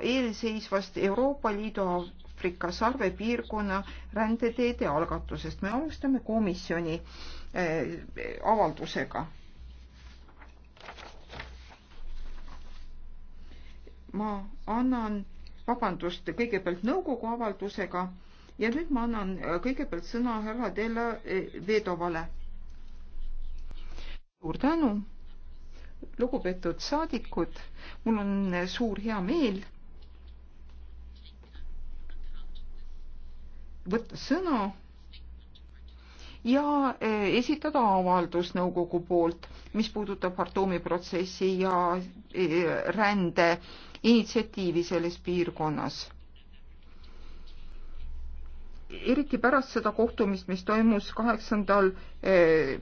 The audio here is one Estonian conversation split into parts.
eelseisvast Euroopa Liidu Aafrika sarve piirkonna rändeteede algatusest. me alustame komisjoni eh, avaldusega. ma annan, vabandust, kõigepealt nõukogu avaldusega ja nüüd ma annan eh, kõigepealt sõna härra Della eh, Vedovale. suur tänu lugupeetud saadikud, mul on suur hea meel võtta sõna ja eh, esitada avaldus nõukogu poolt, mis puudutab Hartumi protsessi ja eh, rände initsiatiivi selles piirkonnas. eriti pärast seda kohtumist, mis toimus kaheksandal eh,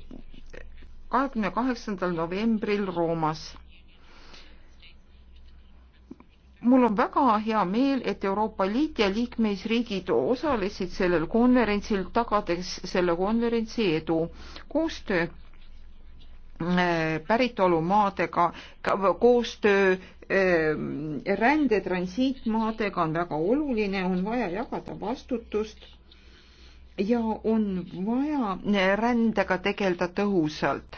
kahekümne kaheksandal novembril Roomas. mul on väga hea meel, et Euroopa Liit ja liikmesriigid osalesid sellel konverentsil, tagades selle konverentsi edu. koostöö äh, päritolumaadega, koostöö äh, rände transiitmaadega on väga oluline, on vaja jagada vastutust ja on vaja rändega tegeleda tõhusalt.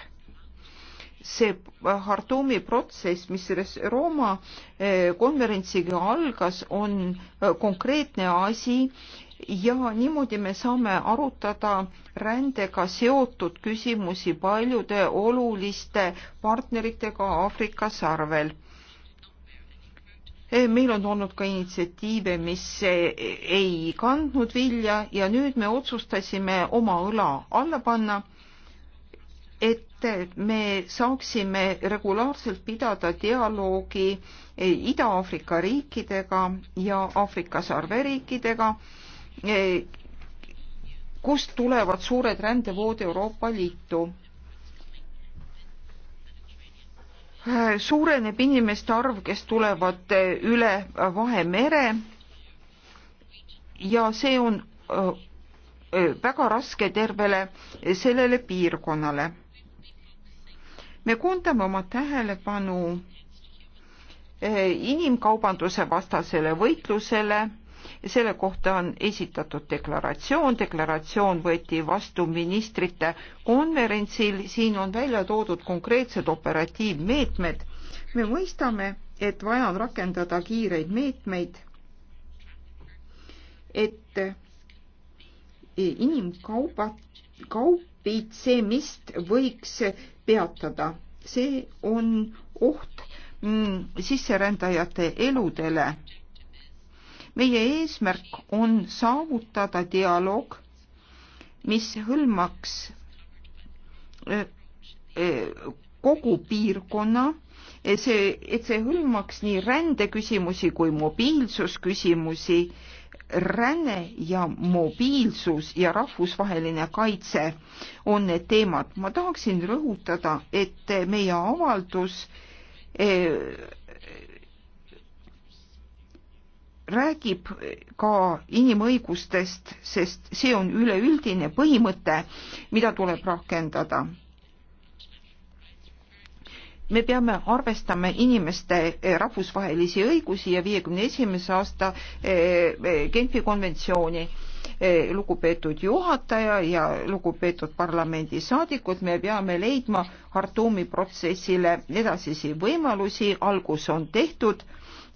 see Hartumi protsess, mis selles Rooma eh, konverentsiga algas, on eh, konkreetne asi ja niimoodi me saame arutada rändega seotud küsimusi paljude oluliste partneritega Aafrika sarvel Eh, meil on olnud ka initsiatiive, mis eh, ei kandnud vilja ja nüüd me otsustasime oma õla alla panna, et me saaksime regulaarselt pidada dialoogi eh, Ida-Aafrika riikidega ja Aafrika sarve riikidega, kust tulevad suured rändevood Euroopa Liitu suureneb inimeste arv, kes tulevad üle Vahemere ja see on väga raske tervele sellele piirkonnale. me koondame oma tähelepanu inimkaubanduse vastasele võitlusele selle kohta on esitatud deklaratsioon, deklaratsioon võeti vastu ministrite konverentsil, siin on välja toodud konkreetsed operatiivmeetmed. me mõistame, et vaja on rakendada kiireid meetmeid, et inimkauba, kaupitsemist võiks peatada, see on oht mm, sisserändajate eludele meie eesmärk on saavutada dialoog, mis hõlmaks eh, eh, kogu piirkonna, see, et see hõlmaks nii rändeküsimusi kui mobiilsusküsimusi, ränne ja mobiilsus ja rahvusvaheline kaitse on need teemad. ma tahaksin rõhutada, et meie avaldus eh, räägib ka inimõigustest, sest see on üleüldine põhimõte, mida tuleb rakendada. me peame arvestama inimeste eh, rahvusvahelisi õigusi ja viiekümne esimese aasta eh, eh, Genfi konventsiooni lugupeetud juhataja ja lugupeetud parlamendisaadikud, me peame leidma Hartumi protsessile edasisi võimalusi, algus on tehtud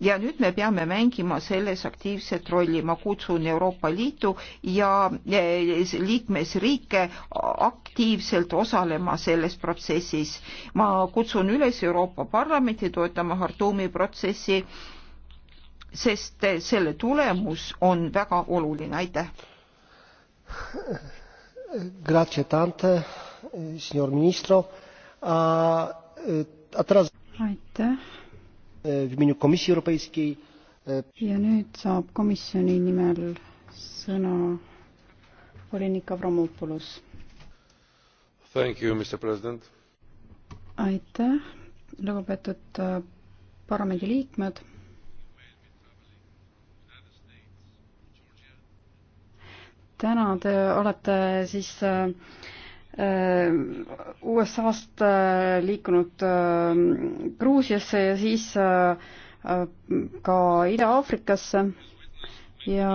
ja nüüd me peame mängima selles aktiivset rolli. ma kutsun Euroopa Liitu ja e, e, liikmesriike aktiivselt osalema selles protsessis. ma kutsun üles Euroopa Parlamenti toetama Hartumi protsessi, sest selle tulemus on väga oluline. aitäh! Grazie tante, signor ministro. A, e, a teraz... Aitäh E, w imieniu Komisji Europejskiej. E, ja nüüd saab komisjoni nimel sõna volinik Avramopoulos. aitäh, lugupeetud e, parlamendiliikmed täna te olete siis Äh, USA-st äh, liikunud äh, Gruusiasse ja siis ka Ida-Aafrikasse ja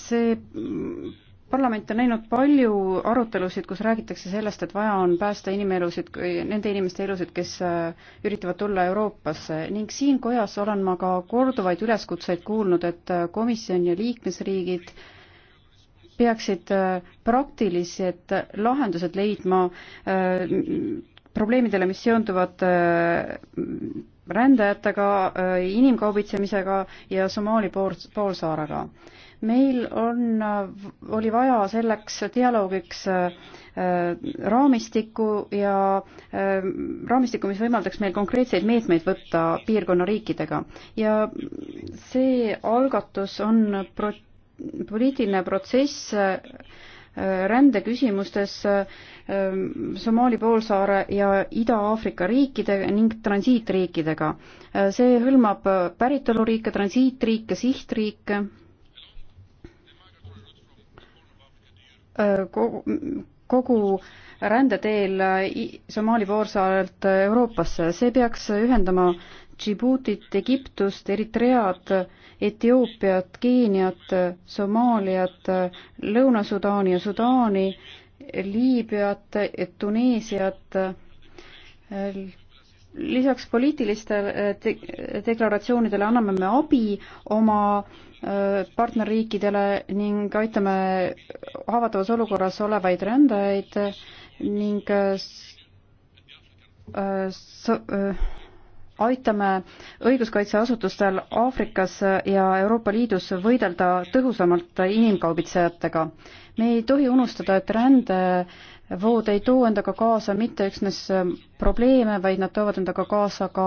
see parlament on näinud palju arutelusid, kus räägitakse sellest, et vaja on päästa inimelusid, nende inimeste elusid, kes üritavad tulla Euroopasse ning siin kojas olen ma ka korduvaid üleskutseid kuulnud, et komisjon ja liikmesriigid äh, peaksid äh, praktilised lahendused leidma äh, probleemidele, mis seonduvad äh, rändajatega, inimkaubitsemisega ja Somaali poolsaarega. meil on, oli vaja selleks dialoogiks raamistikku ja raamistikku, mis võimaldaks meil konkreetseid meetmeid võtta piirkonna riikidega ja see algatus on prot-, poliitiline protsess äh, rändeküsimustes äh, Somaali poolsaare ja Ida-Aafrika riikide ning transiitriikidega. Äh, see hõlmab päritoluriike, transiitriike, sihtriike, kogu, kogu rändeteel Somaali poolsaarelt Euroopasse, see peaks ühendama Djiboutit, Egiptust, Eritread, Etioopiat, Keeniat, Somaaliat, Lõuna-Sudaani ja Sudaani, Liibüat, Tuneesiat, lisaks poliitilistele de deklaratsioonidele anname me abi oma äh, partnerriikidele ning aitame haavatavas olukorras olevaid rändajaid ning äh, so äh, aitame õiguskaitseasutustel Aafrikas ja Euroopa Liidus võidelda tõhusamalt inimkaubitsejatega. me ei tohi unustada, et rändevood ei too endaga kaasa mitte üksnes probleeme, vaid nad toovad endaga kaasa ka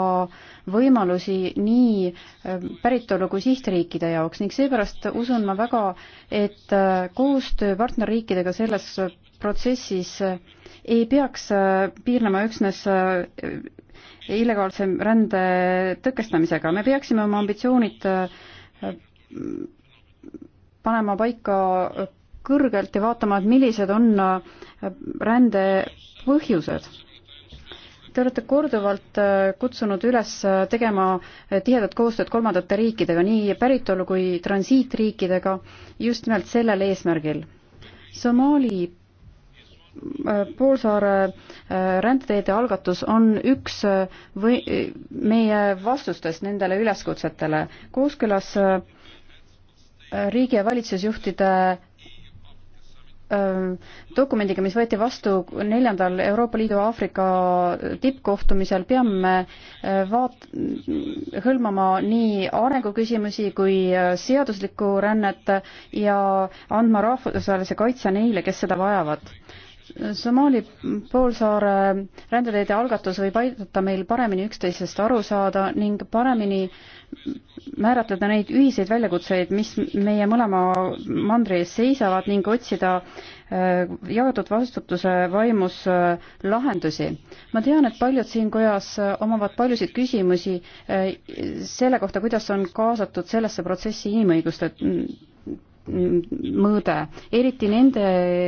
võimalusi nii ehm, päritolu kui sihtriikide jaoks ning seepärast usun ma väga, et ehm, koostöö partnerriikidega selles protsessis äh, ei peaks äh, piirnema üksnes äh, illegaalse rände tõkestamisega, me peaksime oma ambitsioonid panema paika kõrgelt ja vaatama, et millised on rände põhjused. Te olete korduvalt kutsunud üles tegema tihedat koostööd kolmandate riikidega, nii päritolu kui transiitriikidega, just nimelt sellel eesmärgil. Somaali poolsaare äh, rändeteede algatus on üks äh, või meie vastustest nendele üleskutsetele kooskõlas äh, riigi ja valitsusjuhtide dokumendiga, mis võeti vastu neljandal Euroopa Liidu Aafrika tippkohtumisel, peame me vaat-, hõlmama nii arenguküsimusi kui seaduslikku rännet ja andma rahvusvahelise kaitse neile, kes seda vajavad Somaali poolsaare rändeteede algatus võib aidata meil paremini üksteisest aru saada ning paremini määratleda neid ühiseid väljakutseid, mis meie mõlema mandri ees seisavad ning otsida äh, jagatud vastutuse vaimus äh, lahendusi. ma tean, et paljud siin kojas äh, omavad paljusid küsimusi selle kohta, kuidas on kaasatud sellesse protsessi inimõiguste mm, mm, mõõde, eriti nende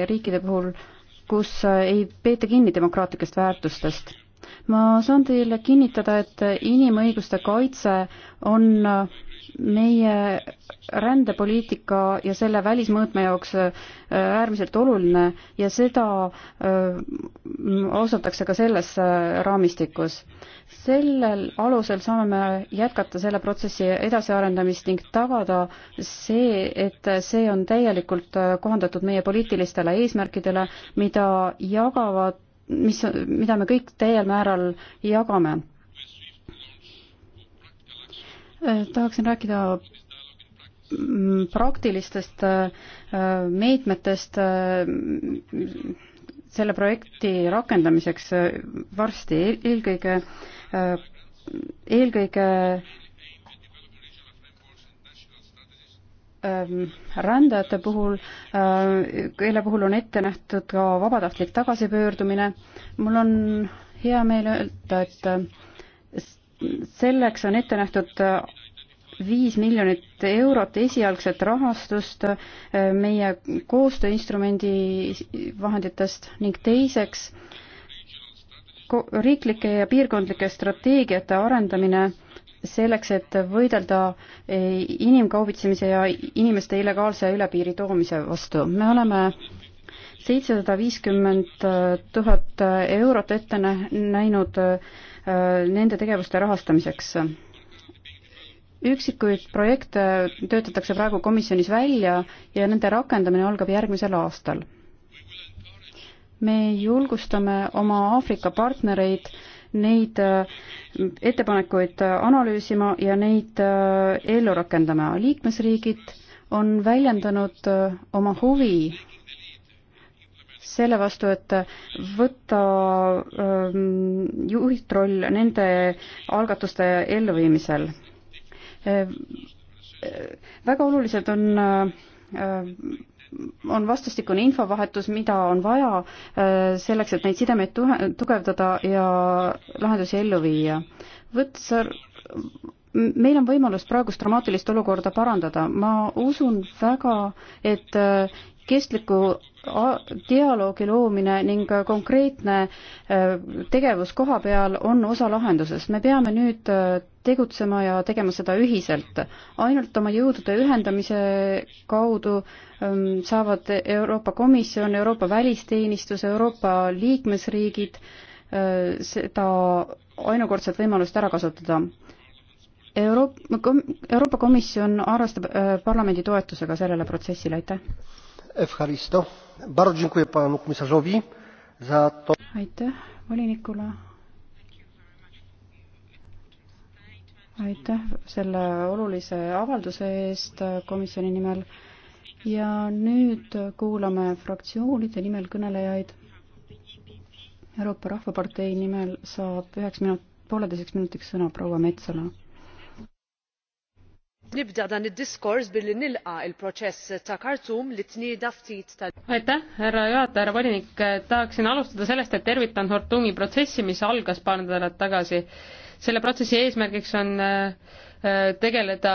riikide puhul, kus äh, ei peeta kinni demokraatlikest väärtustest ma saan teile kinnitada, et inimõiguste kaitse on meie rändepoliitika ja selle välismõõtme jaoks äh, äärmiselt oluline ja seda äh, austatakse ka selles äh, raamistikus. sellel alusel saame me jätkata selle protsessi edasiarendamist ning tagada see, et see on täielikult kohandatud meie poliitilistele eesmärkidele, mida jagavad mis, mida me kõik täiel määral jagame. tahaksin rääkida praktilistest äh, meetmetest äh, selle projekti rakendamiseks äh, varsti, eelkõige, eelkõige Ähm, rändajate puhul, äh, kelle puhul on ette nähtud ka vabatahtlik tagasipöördumine. mul on hea meel öelda, et selleks on ette nähtud viis miljonit eurot esialgset rahastust äh, meie koostööinstrumendi vahenditest ning teiseks riiklike ja piirkondlike strateegiate arendamine selleks, et võidelda e, inimkaubitsemise ja inimeste illegaalse ülepiiri toomise vastu. me oleme seitsesada viiskümmend tuhat eurot ette näinud e, nende tegevuste rahastamiseks. üksikuid projekte töötatakse praegu komisjonis välja ja nende rakendamine algab järgmisel aastal. me julgustame oma Aafrika partnereid äh, neid äh, ettepanekuid äh, analüüsima ja neid äh, ellu rakendama. liikmesriigid on väljendanud oma huvi selle vastu, et võtta ähm, juhtroll nende algatuste elluviimisel. väga olulised on on vastastikune infovahetus, mida on vaja äh, selleks, et neid sidemeid tugevdada ja lahendusi ellu viia. Võtsar, meil on võimalus praegust dramaatilist olukorda parandada, ma usun väga, et äh, kestliku dialoogi loomine ning konkreetne äh, tegevus koha peal on osa lahendusest. me peame nüüd äh, tegutsema ja tegema seda ühiselt. ainult oma jõudude ühendamise kaudu ähm, saavad Euroopa Komisjon, Euroopa Välisteenistus, Euroopa liikmesriigid äh, seda ainukordset võimalust ära kasutada Euroop. Euroopa Komisjon arvestab parlamendi toetusega sellele protsessile, aitäh! aitäh volinikule aitäh selle olulise avalduse eest komisjoni nimel ja nüüd kuulame fraktsioonide nimel kõnelejaid Euroopa Rahvapartei nimel saab üheks minut pooleteiseks minutiks sõna proua Metsala nibda dan id-diskors billi nilqa il-proċess ta' Khartoum li tnieda ftit ta' Aitäh, härra juhataja, härra volinik, tahaksin alustada sellest, et tervitan Khartoumi protsessi, mis algas paar nädalat tagasi. selle protsessi eesmärgiks on äh, äh, tegeleda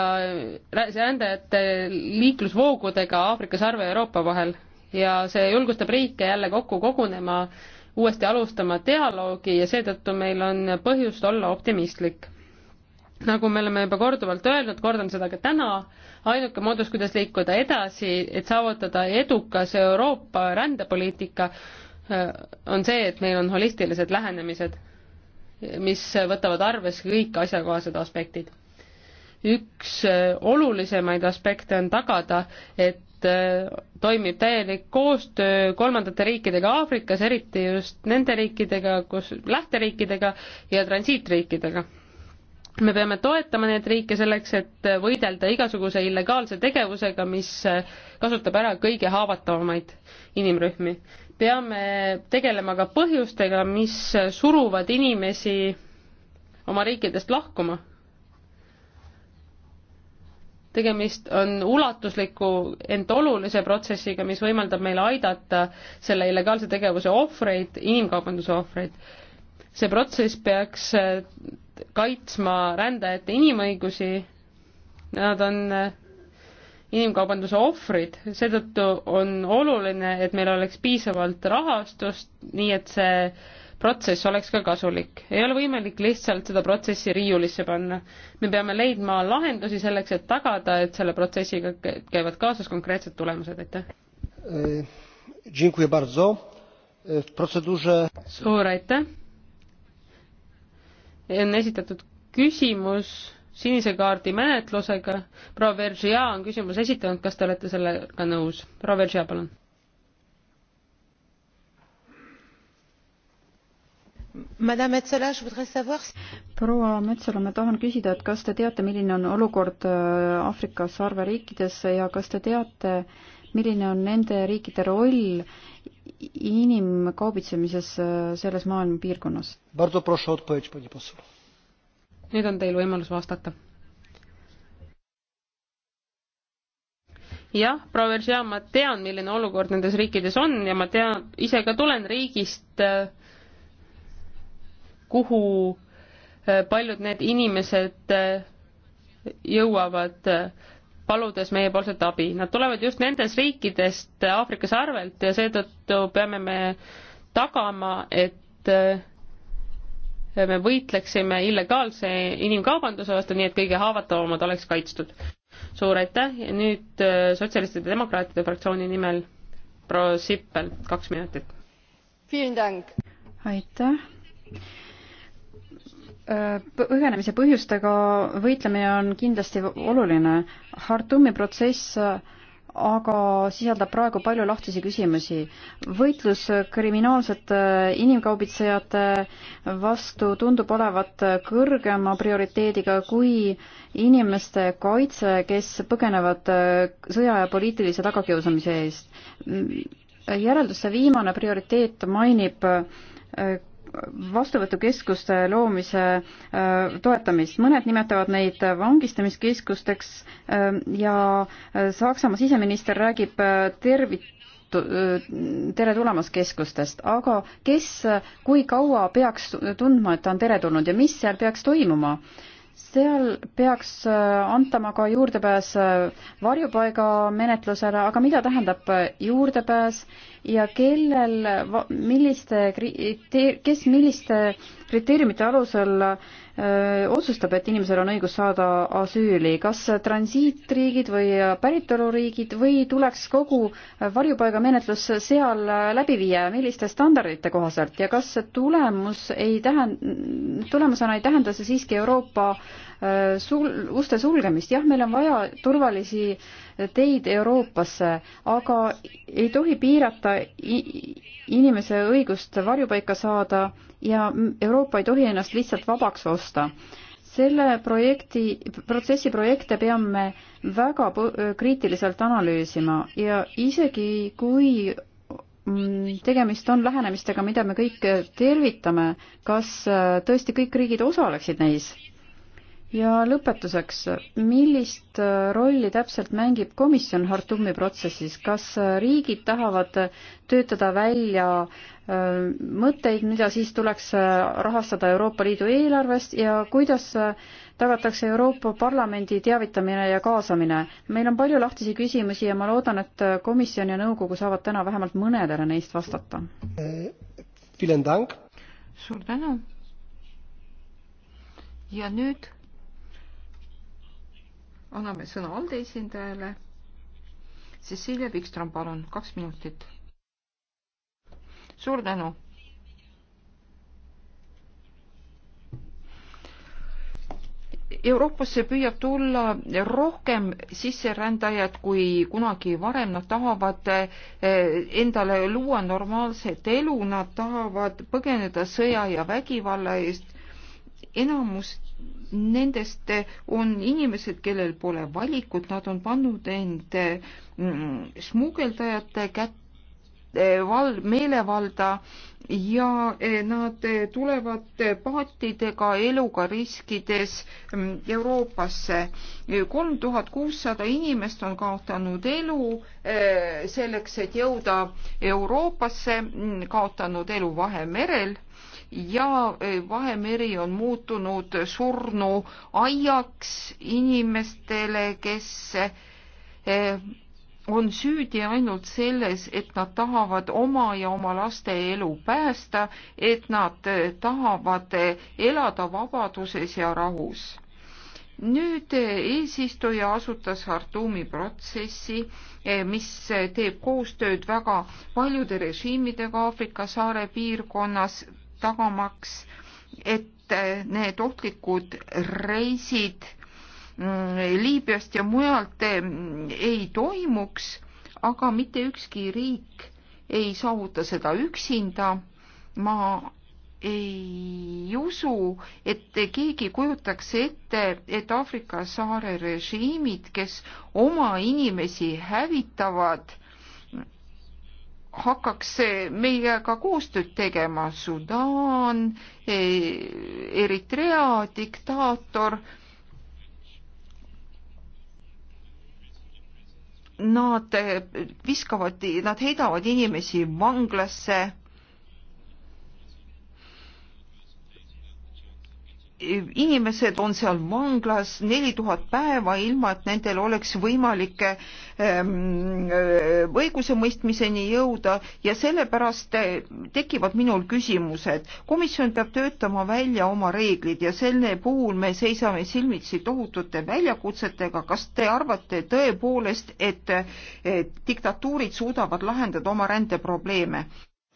rändajate liiklusvoogudega Aafrika sarve ja Euroopa vahel ja see julgustab riike jälle kokku kogunema, uuesti alustama dialoogi ja seetõttu meil on põhjust olla optimistlik nagu me oleme juba korduvalt öelnud, kordan seda ka täna, ainuke moodus, kuidas liikuda edasi, et saavutada edukas Euroopa rändepoliitika, eh, on see, et meil on holistilised lähenemised, mis võtavad arvesse kõik asjakohased aspektid. üks eh, olulisemaid aspekte on tagada, et eh, toimib täielik koostöö kolmandate riikidega Aafrikas, eriti just nende riikidega, kus, lähteriikidega ja transiitriikidega me peame toetama neid riike selleks, et võidelda igasuguse illegaalse tegevusega, mis kasutab ära kõige haavatavamaid inimrühmi. peame tegelema ka põhjustega, mis suruvad inimesi oma riikidest lahkuma. tegemist on ulatusliku, ent olulise protsessiga, mis võimaldab meil aidata selle illegaalse tegevuse ohvreid, inimkaubanduse ohvreid. see protsess peaks kaitsma rändajate inimõigusi. Nad on äh, inimkaubanduse ohvrid, seetõttu on oluline, et meil oleks piisavalt rahastust, nii et see protsess oleks ka kasulik. ei ole võimalik lihtsalt seda protsessi riiulisse panna. me peame leidma lahendusi selleks, et tagada, et selle protsessiga käivad kaasas konkreetsed tulemused, aitäh eh,. suur aitäh! on esitatud küsimus sinise kaardi menetlusega. proua Veržia on küsimuse esitanud, kas te olete sellega nõus? proua Veržia, palun. proua Metsala, ma tahan küsida, et kas te teate, milline on olukord äh, Aafrika sarveriikides ja kas te teate, milline on nende riikide roll inimkaubitsemises äh, selles maailma piirkonnas? nüüd on teil võimalus vastata. jah, proua Veržea, ma tean, milline olukord nendes riikides on ja ma tean, ise ka tulen riigist, äh, kuhu äh, paljud need inimesed jõuavad paludes meiepoolset abi. Nad tulevad just nendest riikidest Aafrikas arvelt ja seetõttu peame me tagama, et äh, me võitleksime illegaalse inimkaubanduse vastu, nii et kõige haavatavamad oleks kaitstud. suur aitäh ja nüüd äh, Sotsialistide Demokraatide fraktsiooni nimel proua Sippel, kaks minutit. aitäh põgenemise põhjustega võitlemine on kindlasti oluline. Hartumi protsess aga sisaldab praegu palju lahtisi küsimusi. võitlus kriminaalsete inimkaubitsejate vastu tundub olevat kõrgema prioriteediga kui inimeste kaitse, kes põgenevad sõja ja poliitilise tagakiusamise eest. järelduse viimane prioriteet mainib vastuvõtukeskuste loomise äh, toetamist. mõned nimetavad neid vangistamiskeskusteks äh, ja äh, Saksamaa siseminister räägib tervit-, tere tulemast keskustest, aga kes, kui kaua peaks tundma, et ta on teretulnud ja mis seal peaks toimuma? seal peaks antama ka juurdepääs varjupaiga menetlusele, aga mida tähendab juurdepääs ja kellel, milliste, kes milliste kriteeriumite alusel öö, otsustab, et inimesel on õigus saada asüüli, kas transiitriigid või päritoluriigid või tuleks kogu varjupaigamenetlus seal läbi viia, milliste standardite kohaselt ja kas tulemus ei tähenda, tulemusena ei tähenda see siiski Euroopa öö, sul-, uste sulgemist, jah, meil on vaja turvalisi teid Euroopasse, aga ei tohi piirata inimese õigust varjupaika saada ja Euroopa ei tohi ennast lihtsalt vabaks osta selle projekti, protsessi projekte peame väga kriitiliselt analüüsima ja isegi kui tegemist on lähenemistega, mida me kõik tervitame, kas äh, tõesti kõik riigid osaleksid neis? ja lõpetuseks, millist äh, rolli täpselt mängib komisjon Hartumi protsessis, kas äh, riigid tahavad töötada välja äh, mõtteid, mida siis tuleks rahastada Euroopa Liidu eelarvest ja kuidas tagatakse Euroopa Parlamendi teavitamine ja kaasamine? meil on palju lahtisi küsimusi ja ma loodan, et komisjon ja nõukogu saavad täna vähemalt mõnedele neist vastata. suur tänu. ja nüüd anname sõna ALDE esindajale. Cecilia Wikström, palun, kaks minutit. suur tänu. Euroopasse püüab tulla rohkem sisserändajaid kui kunagi varem, nad tahavad eh, endale luua normaalset elu, nad tahavad põgeneda sõja ja vägivalla eest. enamus nendest on inimesed, kellel pole valikut, nad on pannud end mm, smugeldajate kätte val-, meelevalda ja eh, nad tulevad paatidega eluga riskides mm, Euroopasse. kolm tuhat kuussada inimest on kaotanud elu eh, selleks, et jõuda Euroopasse, mm, kaotanud elu Vahemerel ja eh, Vahemeri on muutunud surnuaiaks inimestele, kes eh, on süüdi ainult selles, et nad tahavad oma ja oma laste elu päästa, et nad eh, tahavad elada vabaduses ja rahus. nüüd eesistuja asutas Hartumi protsessi, mis teeb koostööd väga paljude režiimidega Aafrika saare piirkonnas tagamaks, et äh, need ohtlikud reisid mm, Liibüast ja mujalt äh, ei toimuks, aga mitte ükski riik ei saavuta seda üksinda. ma ei usu, et keegi kujutaks ette, et Aafrika saare režiimid, kes oma inimesi hävitavad, hakkaks meiega koostööd tegema Sudaan, e, Eritrea diktaator. Nad viskavad, nad heidavad inimesi vanglasse inimesed on seal vanglas neli tuhat päeva, ilma et nendel oleks võimalik ähm, õigusemõistmiseni jõuda ja sellepärast eh, tekivad minul küsimused. komisjon peab töötama välja oma reeglid ja selle puhul me seisame silmitsi tohutute väljakutsetega. kas te arvate tõepoolest, et, et diktatuurid suudavad lahendada oma rändeprobleeme?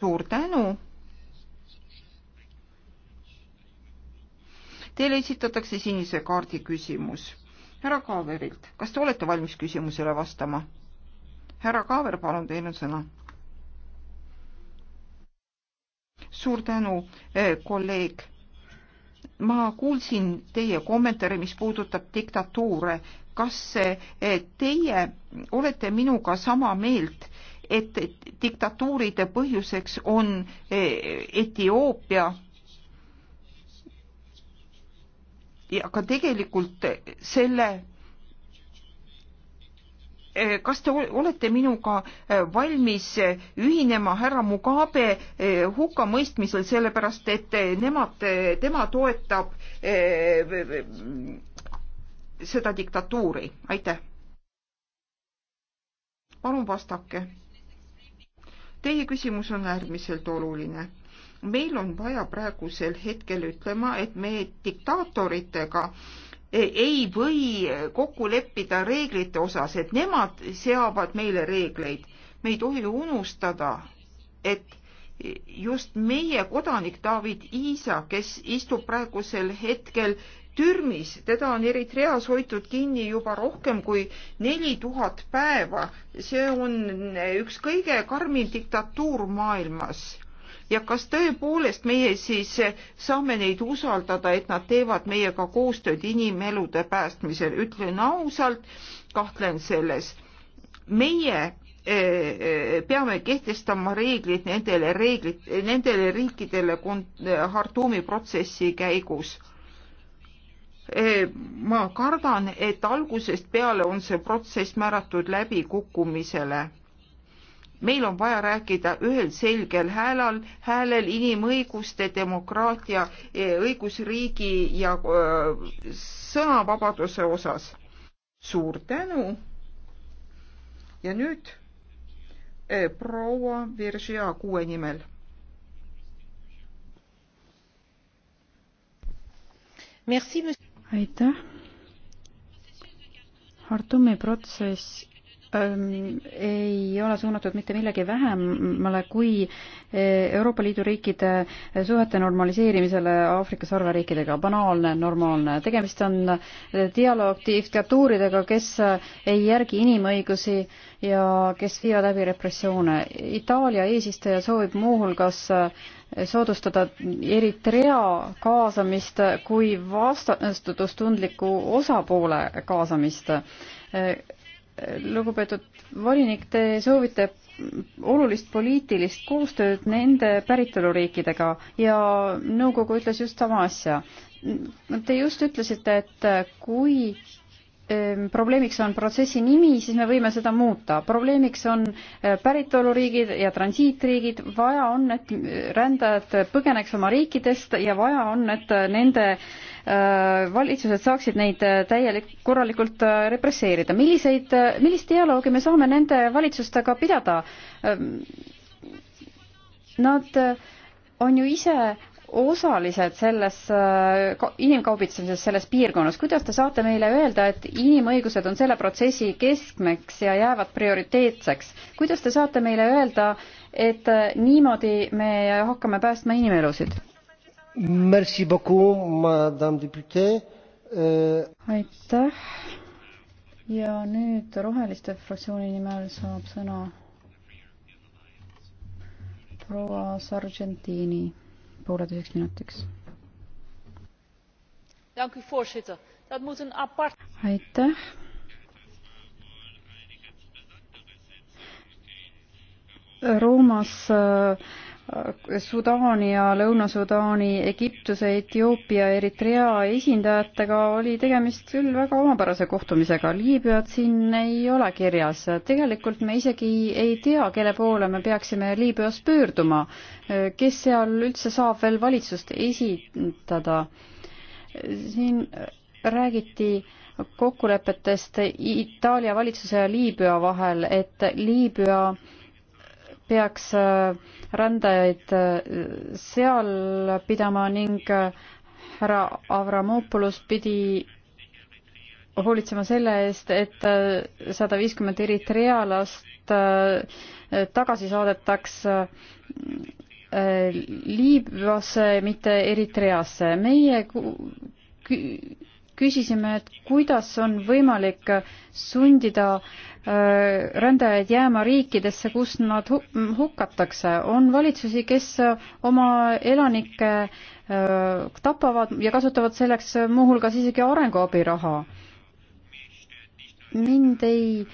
suur tänu Teile esitatakse sinise kaardi küsimus. härra Kaaverilt, kas te olete valmis küsimusele vastama? härra Kaaver, palun, teil on sõna. suur tänu, eh, kolleeg. ma kuulsin teie kommentaari, mis puudutab diktatuure. kas eh, teie olete minuga sama meelt, et diktatuuride põhjuseks on eh, Etioopia aga tegelikult selle eh, kas te olete minuga eh, valmis eh, ühinema härra Mugabe hukkamõistmisel, sellepärast et nemad, tema toetab seda diktatuuri, aitäh. palun vastake. Teie küsimus on äärmiselt oluline meil on vaja praegusel hetkel ütlema, et me diktaatoritega ei või kokku leppida reeglite osas, et nemad seavad meile reegleid. me ei tohi unustada, et just meie kodanik David Iisa, kes istub praegusel hetkel türmis, teda on Eritreas hoitud kinni juba rohkem kui neli tuhat päeva. see on üks kõige karmim diktatuur maailmas ja kas tõepoolest meie siis saame neid usaldada, et nad teevad meiega koostööd inimelude päästmisel, ütlen ausalt, kahtlen selles. meie eh, eh, peame kehtestama reeglid nendele reeglid, nendele riikidele Hartumi protsessi käigus. Eh, ma kardan, et algusest peale on see protsess määratud läbikukkumisele meil on vaja rääkida ühel selgel häälal, häälel inimõiguste, demokraatia, e, õigusriigi ja e, sõnavabaduse osas. suur tänu. ja nüüd e, proua Virgia kuue nimel. aitäh. Hartumi protsess ei ole suunatud mitte millegi vähemale kui eh, Euroopa Liidu riikide eh, suhete normaliseerimisele Aafrika sarveriikidega. banaalne, normaalne. tegemist on eh, dialoog diktatuuridega, kes ei järgi inimõigusi ja kes viivad läbi repressioone. Itaalia eesistuja soovib muuhulgas soodustada Eritrea kaasamist kui vastutustundliku osapoole kaasamist lugupeetud volinik, te soovite olulist poliitilist koostööd nende päritoluriikidega ja nõukogu ütles just sama asja. Te just ütlesite, et kui Ehm, probleemiks on protsessi nimi, siis me võime seda muuta. probleemiks on eh, päritoluriigid ja transiitriigid, vaja on, et eh, rändajad põgeneks oma riikidest ja vaja on, et eh, nende valitsused saaksid neid täielik-, korralikult represseerida. milliseid, millist dialoogi me saame nende valitsustega pidada? Ehm, nad on ju ise osalised selles äh, inimkaubitsemises selles piirkonnas, kuidas te saate meile öelda, et inimõigused on selle protsessi keskmeks ja jäävad prioriteetseks? kuidas te saate meile öelda, et äh, niimoodi me hakkame päästma inimelusid? Euh, aitäh ja nüüd Roheliste fraktsiooni nimel saab sõna proua Sargentini pooleteiseks minutiks. aitäh. Roomas äh, Sudaani ja Lõuna-Sudaani, Egiptuse, Etioopia, Eritrea esindajatega oli tegemist küll väga omapärase kohtumisega. Liibüat siin ei ole kirjas. tegelikult me isegi ei tea, kelle poole me peaksime Liibüas pöörduma, kes seal üldse saab veel valitsust esindada. siin räägiti kokkulepetest Itaalia valitsuse ja Liibüa vahel, et Liibüa peaks äh, rändajaid äh, seal pidama ning äh, härra Avramopoulos pidi hoolitsema selle eest, et sada viiskümmend eritrealast tagasi saadetaks Liibüasse, mitte Eritreasse. meie küsisime, et kuidas on võimalik sundida äh, Äh, rändajaid jääma riikidesse, kus nad hukatakse. on valitsusi, kes oma elanikke äh, tapavad ja kasutavad selleks muuhulgas isegi arenguabiraha. mind ei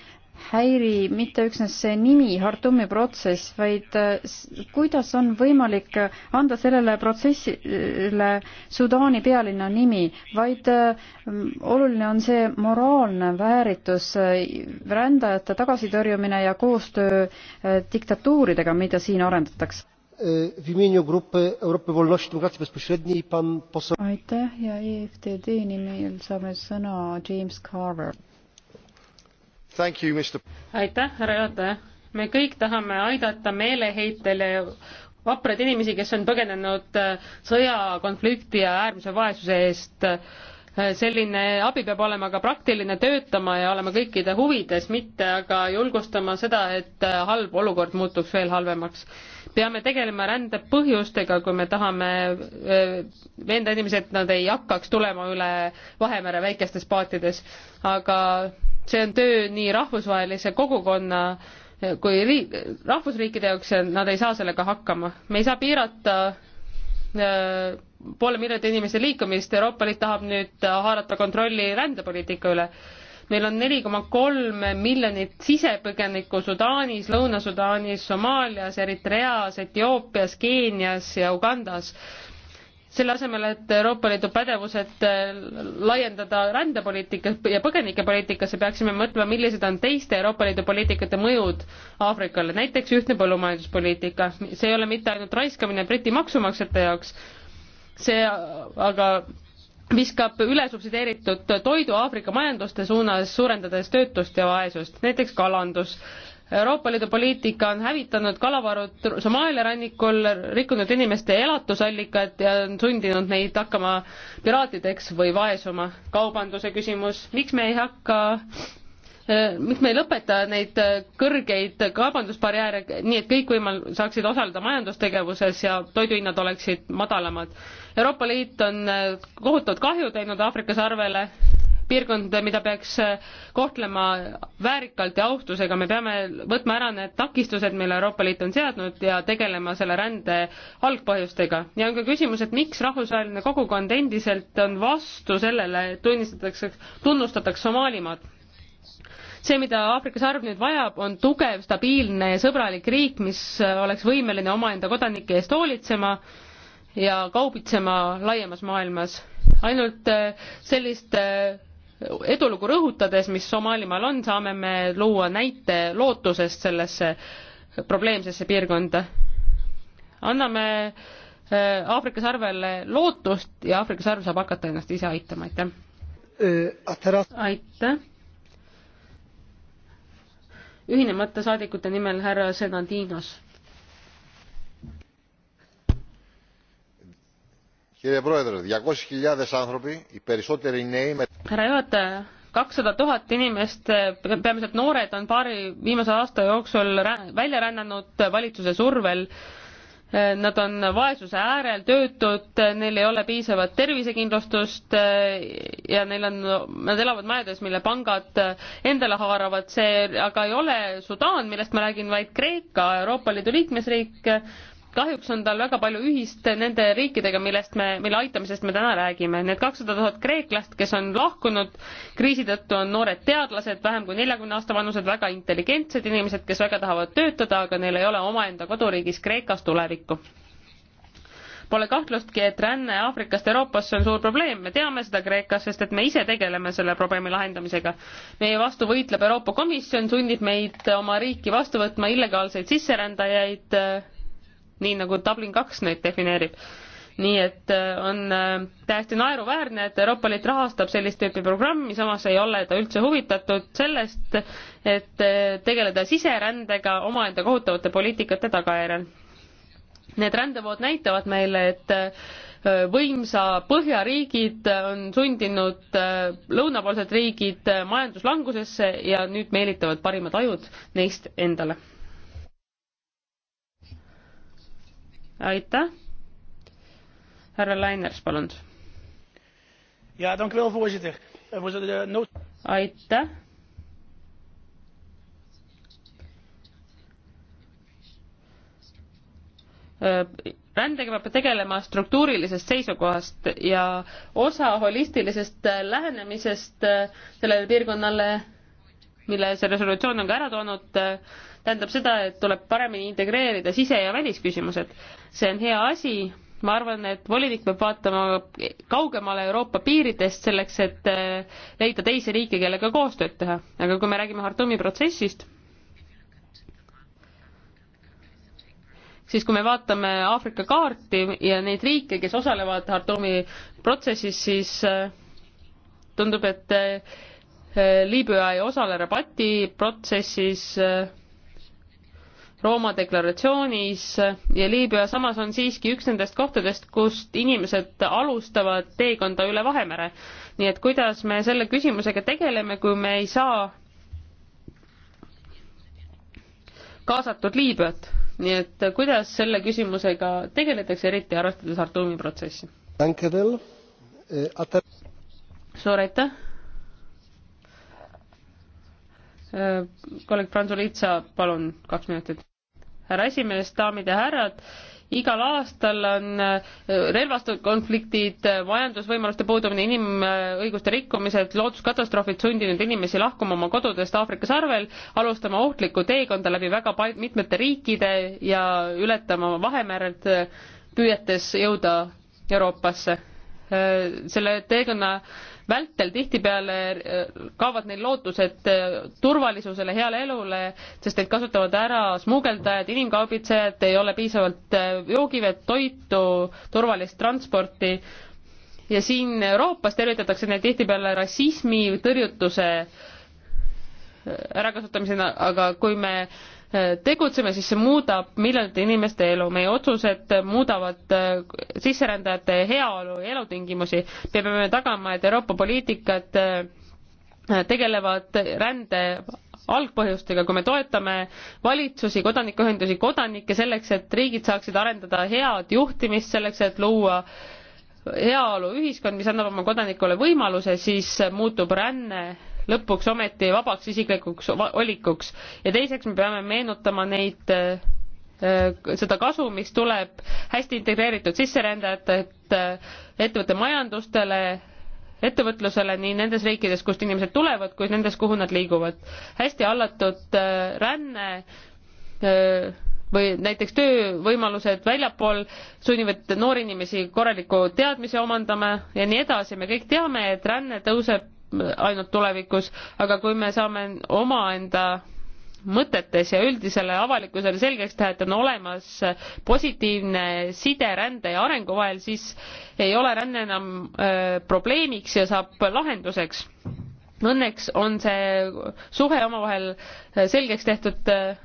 häiri mitte üksnes see nimi, Hartumi protsess, vaid äh, kuidas on võimalik äh, anda sellele protsessile Sudaani pealinna nimi, vaid äh, oluline on see moraalne vääritus, rändajate tagasitõrjumine ja koostöö diktatuuridega, mida siin arendatakse. E, aitäh ja EFTD nimel saame sõna James Carver aitäh, härra juhataja. me kõik tahame aidata meeleheitel ja vapraid inimesi, kes on põgenenud äh, sõja, konflikti ja äärmise vaesuse eest. Äh, selline abi peab olema ka praktiline, töötama ja olema kõikide huvides, mitte aga julgustama seda, et äh, halb olukord muutuks veel halvemaks. peame tegelema rände põhjustega, kui me tahame veenda inimesi, et nad ei hakkaks tulema üle Vahemere väikestes paatides, aga see on töö nii rahvusvahelise kogukonna kui riik, rahvusriikide jaoks ja nad ei saa sellega hakkama. me ei saa piirata äh, poole miljonite inimeste liikumist, Euroopa Liit tahab nüüd haarata kontrolli rändepoliitika üle. meil on neli koma kolm miljonit sisepõgenikku Sudaanis, Lõuna-Sudaanis, Somaalias, Eritreas, Etioopias, Keenias ja Ugandas selle asemel, et Euroopa Liidu pädevused äh, laiendada rändepoliitika ja põgenikepoliitikasse, peaksime mõtlema, millised on teiste Euroopa Liidu poliitikate mõjud Aafrikale, näiteks ühtne põllumajanduspoliitika. see ei ole mitte ainult raiskamine Briti maksumaksjate jaoks, see aga viskab ülesubsideeritud toidu Aafrika majanduste suunas, suurendades töötust ja vaesust, näiteks kalandus Euroopa Liidu poliitika on hävitanud kalavarud Somaalia rannikul, rikkunud inimeste elatusallikad ja on sundinud neid hakkama piraatideks või vaesuma. kaubanduse küsimus, miks me ei hakka eh, miks me ei lõpeta neid eh, kõrgeid kaubandusbarjääre, nii et kõik võimal-, saaksid osaleda majandustegevuses ja toiduhinnad oleksid madalamad. Euroopa Liit on eh, kohutavad kahju teinud Aafrika sarvele, piirkond, mida peaks äh, kohtlema väärikalt ja austusega, me peame võtma ära need takistused, mille Euroopa Liit on seadnud ja tegelema selle rände algpõhjustega. ja on ka küsimus, et miks rahvusvaheline kogukond endiselt on vastu sellele, et tunnistatakse, tunnustatakse Somaalimaad see, mida Aafrika sarv nüüd vajab, on tugev, stabiilne ja sõbralik riik, mis äh, oleks võimeline omaenda kodanike eest hoolitsema ja kaubitsema laiemas maailmas. ainult äh, sellist edulugu rõhutades, mis Somaalimaal on, saame me luua näite lootusest sellesse probleemsesse piirkonda. anname äh, Aafrika sarvele lootust ja Aafrika sarv saab hakata ennast ise aitama, aitäh. Äh, aitäh. ühinemata saadikute nimel härra Senadinos härra juhataja, kakssada tuhat inimest, peamiselt noored, on paari viimase aasta jooksul välja rännanud valitsuse survel. Nad on vaesuse äärel, töötud, neil ei ole piisavat tervisekindlustust ja neil on, nad elavad majades, mille pangad endale haaravad, see aga ei ole Sudaan, millest ma räägin, vaid Kreeka, Euroopa Liidu liikmesriik kahjuks on tal väga palju ühist nende riikidega, millest me, mille aitamisest me täna räägime. Need kakssada tuhat kreeklast, kes on lahkunud kriisi tõttu, on noored teadlased, vähem kui neljakümne aasta vanused, väga intelligentsed inimesed, kes väga tahavad töötada, aga neil ei ole omaenda koduriigis Kreekas tulevikku. Pole kahtlustki, et ränne Aafrikast Euroopasse on suur probleem, me teame seda Kreekas, sest et me ise tegeleme selle probleemi lahendamisega. meie vastu võitleb Euroopa Komisjon, sunnib meid oma riiki vastu võtma illegaalseid sisserändajaid, nii nagu Dublin kaks neid defineerib. nii et äh, on äh, täiesti naeruväärne, et Euroopa Liit rahastab sellist tüüpi programmi, samas ei ole ta üldse huvitatud sellest, et äh, tegeleda siserändega omaenda kohutavate poliitikate tagajärjel. Need rändevood näitavad meile, et võimsa põhjariigid on sundinud lõunapoolsed riigid majanduslangusesse ja nüüd meelitavad parimad ajud neist endale aitäh. härra Lainers, palun. Eh, eh, aitäh. Eh, rändega peab tegelema struktuurilisest seisukohast ja osa holistilisest lähenemisest sellele piirkonnale, mille see resolutsioon on ka ära toonud äh,, tähendab seda, et tuleb paremini integreerida sise- ja välisküsimused. see on hea asi, ma arvan, et volinik peab vaatama kaugemale Euroopa piiridest selleks, et eh, leida teisi riike, kellega koostööd teha. aga kui me räägime Hartumi protsessist, siis kui me vaatame Aafrika kaarti ja neid riike, kes osalevad Hartumi protsessis, siis eh, tundub, et eh, Liibüa ei osale rabati protsessis äh, Rooma deklaratsioonis ja Liibüa samas on siiski üks nendest kohtadest, kust inimesed alustavad teekonda üle Vahemere. nii et kuidas me selle küsimusega tegeleme, kui me ei saa kaasatud Liibüat, nii et kuidas selle küsimusega tegeletakse, eriti arvestades Artumi protsessi? Eh, suur aitäh! Eh, kolleeg Franzoliitsa, palun kaks minutit härra esimees, daamid ja härrad, igal aastal on äh, relvastatud konfliktid, äh, majandusvõimaluste puudumine, inimõiguste rikkumised, looduskatastroofid sundinud inimesi lahkuma oma kodudest Aafrika sarvel, alustama ohtlikku teekonda läbi väga mitmete riikide ja ületama Vahemerd, äh, püüetes jõuda Euroopasse. selle teekonna vältel tihtipeale äh, kaovad neil lootused äh, turvalisusele, heale elule, sest neid kasutavad ära smugeldajad, inimkaubitsejad, ei ole piisavalt äh, joogivett, toitu, turvalist transporti. ja siin Euroopas tervitatakse neid tihtipeale rassismi, tõrjutuse ärakasutamisena, aga kui me tegutseme, siis see muudab miljonite inimeste elu. meie otsused muudavad äh, sisserändajate heaolu ja elutingimusi. me peame tagama, et Euroopa poliitikad äh, tegelevad rände algpõhjustega, kui me toetame valitsusi, kodanikuühendusi, kodanikke selleks, et riigid saaksid arendada head juhtimist, selleks et luua heaoluühiskond, mis annab oma kodanikule võimaluse, siis muutub ränne lõpuks ometi vabaks isiklikuks valikuks ja teiseks me peame meenutama neid äh, äh, seda kasu, mis tuleb hästi integreeritud sisserändajatelt äh, ettevõtte majandustele, ettevõtlusele nii nendes riikides, kust inimesed tulevad, kui nendes, kuhu nad liiguvad. hästi hallatud ränne või näiteks töövõimalused väljapool sunnivad noori inimesi korraliku teadmise omandama ja nii edasi. me kõik teame, et ränne tõuseb ainult tulevikus, aga kui me saame omaenda mõtetes ja üldisele avalikkusele selgeks teha, et on olemas positiivne side rände ja arengu vahel, siis ei ole ränne enam öö, äh, probleemiks ja saab lahenduseks. Õnneks on see suhe omavahel äh, selgeks tehtud äh,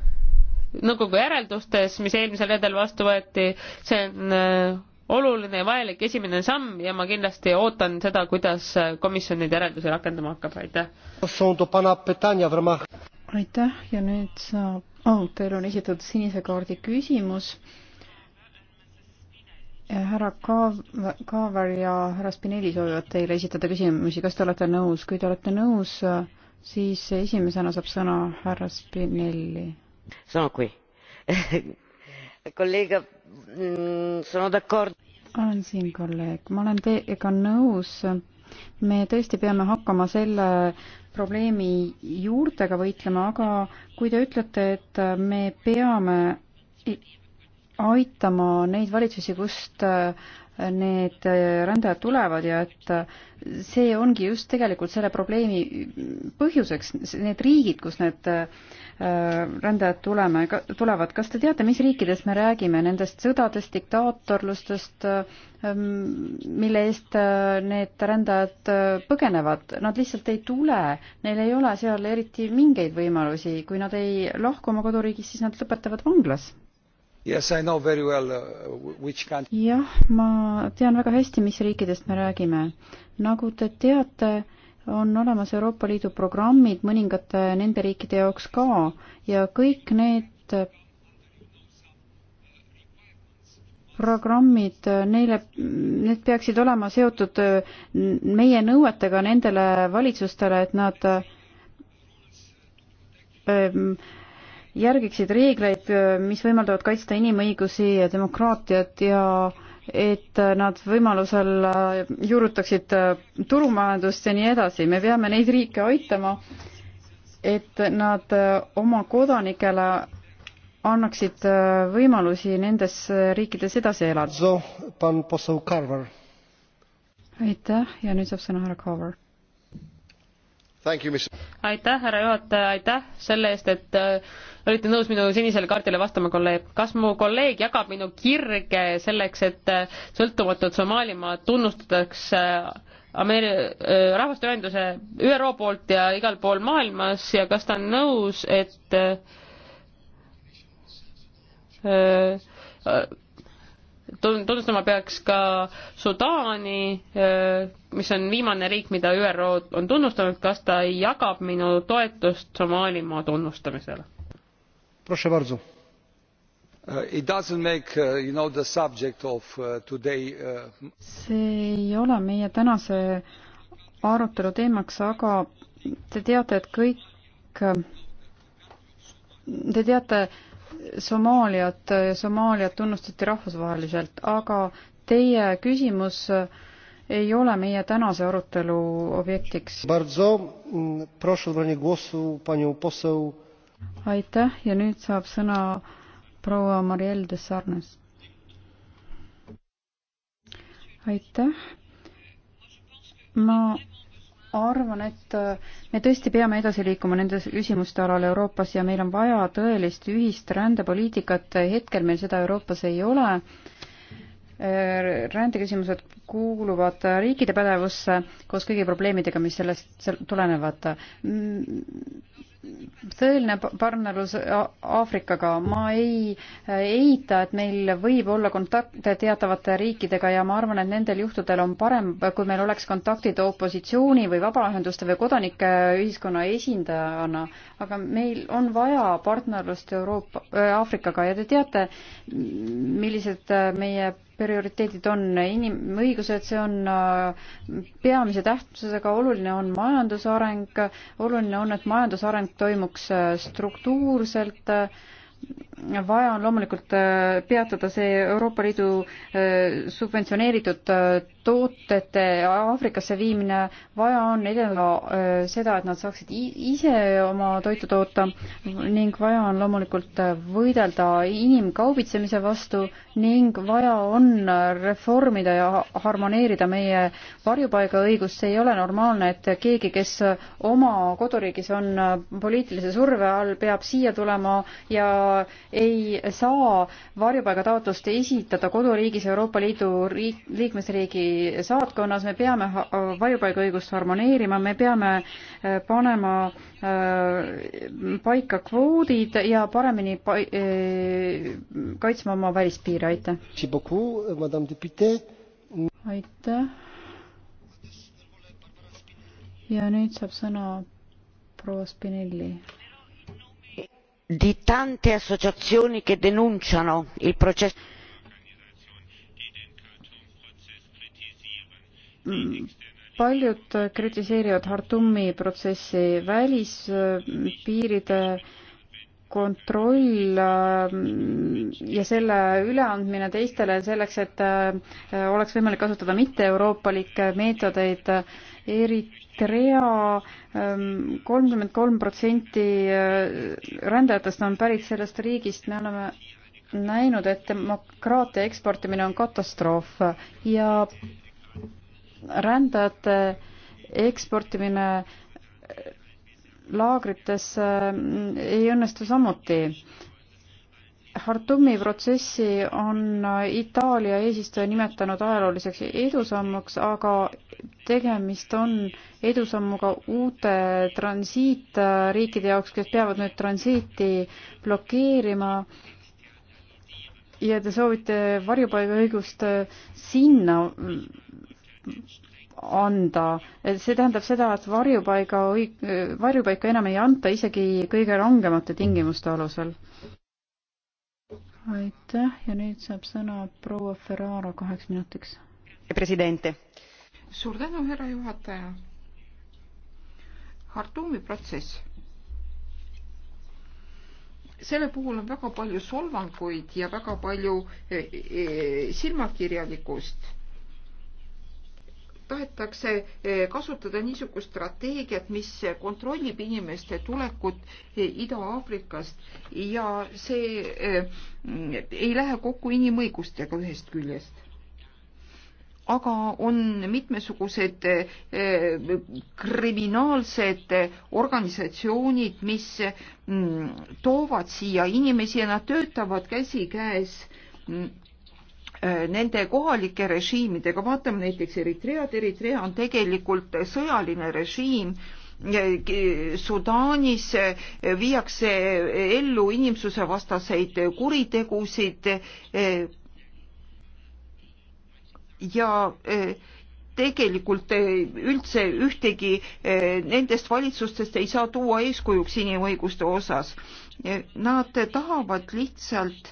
nõukogu järeldustes, mis eelmisel reedel vastu võeti, see on öö, oluline ja vajalik esimene samm ja ma kindlasti ootan seda, kuidas komisjon neid järeldusi rakendama hakkab, aitäh. aitäh ja nüüd saab oh,, teil on esitatud sinise kaardi küsimus. härra Ka-, Kaaver ja härra Spinelli soovivad teile esitada küsimusi, kas te olete nõus, kui te olete nõus, siis esimesena saab sõna härra Spinelli. saan kui kolleeg Mm, sono d'accordo. olen siin, kolleeg, ma olen teiega nõus. me tõesti peame hakkama selle probleemi juurtega võitlema, aga kui te ütlete, et me peame aitama neid valitsusi, kust äh, need äh, rändajad tulevad ja et äh, see ongi just tegelikult selle probleemi põhjuseks, need riigid, kus need rändajad tuleme, tulevad, kas te teate, mis riikidest me räägime, nendest sõdadest, diktaatorlustest, mille eest need rändajad põgenevad, nad lihtsalt ei tule, neil ei ole seal eriti mingeid võimalusi, kui nad ei lahku oma koduriigist, siis nad lõpetavad vanglas Uh, jah, ma tean väga hästi, mis riikidest me räägime. nagu te teate, on olemas Euroopa Liidu programmid mõningate nende riikide jaoks ka ja kõik need programmid, neile, need peaksid olema seotud meie nõuetega nendele valitsustele, et nad ähm, järgiksid reegleid, mis võimaldavad kaitsta inimõigusi ja demokraatiat ja et nad võimalusel äh, juurutaksid äh, turumajandust ja nii edasi. me peame neid riike aitama, et nad äh, oma kodanikele annaksid võimalusi nendes riikides edasi elada. aitäh ja nüüd saab sõna härra Carver aitäh, härra juhataja, aitäh selle eest, et äh, olite nõus minu sinisele kaardile vastama, kolleeg. kas mu kolleeg jagab minu kirge selleks, et äh, sõltumatut Somaalimaa tunnustatakse äh, Ameeri-, Rahvaste Ühenduse ÜRO poolt ja igal pool maailmas ja kas ta on nõus, et tunnustama peaks ka Sudaani, mis on viimane riik, mida ÜRO on tunnustanud, kas ta jagab minu toetust Somaalimaa tunnustamisele? Uh, it doesn't make uh, you know the subject of uh, today see ei ole meie tänase arutelu teemaks, aga te teate, et kõik, te teate, Somaaliat ja Somaaliat tunnustati rahvusvaheliselt, aga teie küsimus ei ole meie tänase arutelu objektiks. Mm, aitäh ja nüüd saab sõna proua Marielle de Sarnes. aitäh. ma arvan, et äh, me tõesti peame edasi liikuma nende küsimuste alal Euroopas ja meil on vaja tõelist ühist rändepoliitikat, hetkel meil seda Euroopas ei ole. Äh, rändeküsimused kuuluvad riikide pädevusse koos kõigi probleemidega, mis sellest tulenevad tõeline partnerlus Aafrikaga, ma ei äh, eita, et meil võib olla kontakte teatavate riikidega ja ma arvan, et nendel juhtudel on parem, kui meil oleks kontaktid opositsiooni või vabaühenduste või kodanike äh, ühiskonna esindajana, aga meil on vaja partnerlust Euroopa äh,, Aafrikaga ja te teate, millised äh, meie prioriteedid on inimõigused, see on äh, peamise tähtsusega, oluline on majandusareng, oluline on, et majandusareng toimuks äh, struktuurselt, äh, vaja on loomulikult peatada see Euroopa Liidu subventsioneeritud tootete eh, Aafrikasse viimine, vaja on edendada eh, seda, et nad saaksid ise oma toitu toota ning vaja on loomulikult eh, võidelda inimkaubitsemise vastu ning vaja on reformida ja harmoneerida meie varjupaigaõigust, see ei ole normaalne, et keegi, kes oma koduriigis on poliitilise surve all, peab siia tulema ja ei saa varjupaigataotlust esitada koduriigis Euroopa Liidu riik, liikmesriigi saatkonnas, me peame varjupaigaõigust harmoneerima, me peame äh, panema äh, paika kvoodid ja paremini pai-, äh, kaitsma oma välispiire, aitäh. aitäh. ja nüüd saab sõna proua Spinelli di tante associazioni che denunciano il processo paljud kritiseerivad Hartumi protsessi välispiiride kontroll ähm, ja selle üleandmine teistele selleks, et äh, oleks võimalik kasutada mitte-euroopalikke meetodeid. Eritrea ähm, kolmkümmend kolm protsenti äh, rändajatest on pärit sellest riigist, me oleme näinud, et demokraatia eksportimine on katastroof ja rändajate eksportimine laagritesse mm, ei õnnestu samuti. Hartumi protsessi on Itaalia eesistuja nimetanud ajalooliseks edusammuks, aga tegemist on edusammuga uute transiitriikide jaoks, kes peavad nüüd transiiti blokeerima ja te soovite varjupaigaõigust sinna anda. see tähendab seda, et varjupaiga, varjupaika enam ei anta isegi kõige rangemate tingimuste alusel. aitäh ja nüüd saab sõna proua Ferrara kaheks minutiks. presidenti. suur tänu, härra juhataja. Hartumi protsess selle puhul on väga palju solvanguid ja väga palju eh, eh, silmakirjalikkust tahetakse eh, kasutada niisugust strateegiat, mis kontrollib inimeste tulekut eh, Ida-Aafrikast ja see eh, ei lähe kokku inimõigustega ühest küljest aga on mitmesugused kriminaalsed organisatsioonid, mis mm, toovad siia inimesi ja nad töötavad käsikäes mm, nende kohalike režiimidega, vaatame näiteks Eritread, Eritrea on tegelikult sõjaline režiim, Sudaanis viiakse ellu inimsusevastaseid kuritegusid ja tegelikult üldse ühtegi nendest valitsustest ei saa tuua eeskujuks inimõiguste osas. Nad tahavad lihtsalt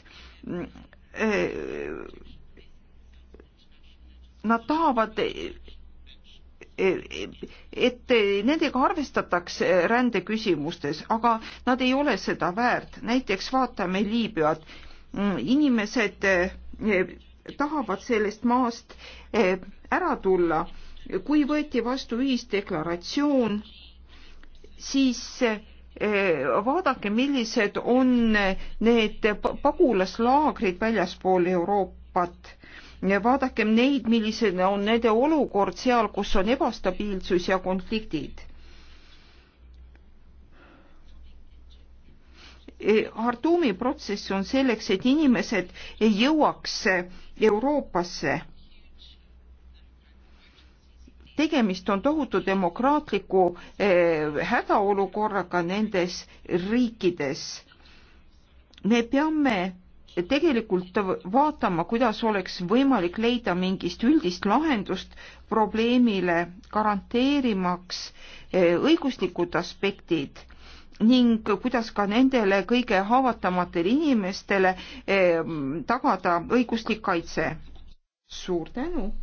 nad tahavad, et nendega arvestatakse rändeküsimustes, aga nad ei ole seda väärt. näiteks vaatame Liibüat. inimesed eh, tahavad sellest maast eh, ära tulla. kui võeti vastu ühisdeklaratsioon, siis eh, vaadake, millised on need pagulaslaagrid väljaspool Euroopat vaadakem neid, milline on nende olukord seal, kus on ebastabiilsus ja konfliktid. E, Hartumi protsess on selleks, et inimesed ei jõuaks Euroopasse tegemist on tohutu demokraatliku eh, hädaolukorraga nendes riikides. me peame tegelikult vaatama, kuidas oleks võimalik leida mingist üldist lahendust probleemile, garanteerimaks eh, õiguslikud aspektid ning kuidas ka nendele kõige haavatavamatele inimestele eh, tagada õiguslik kaitse. suur tänu.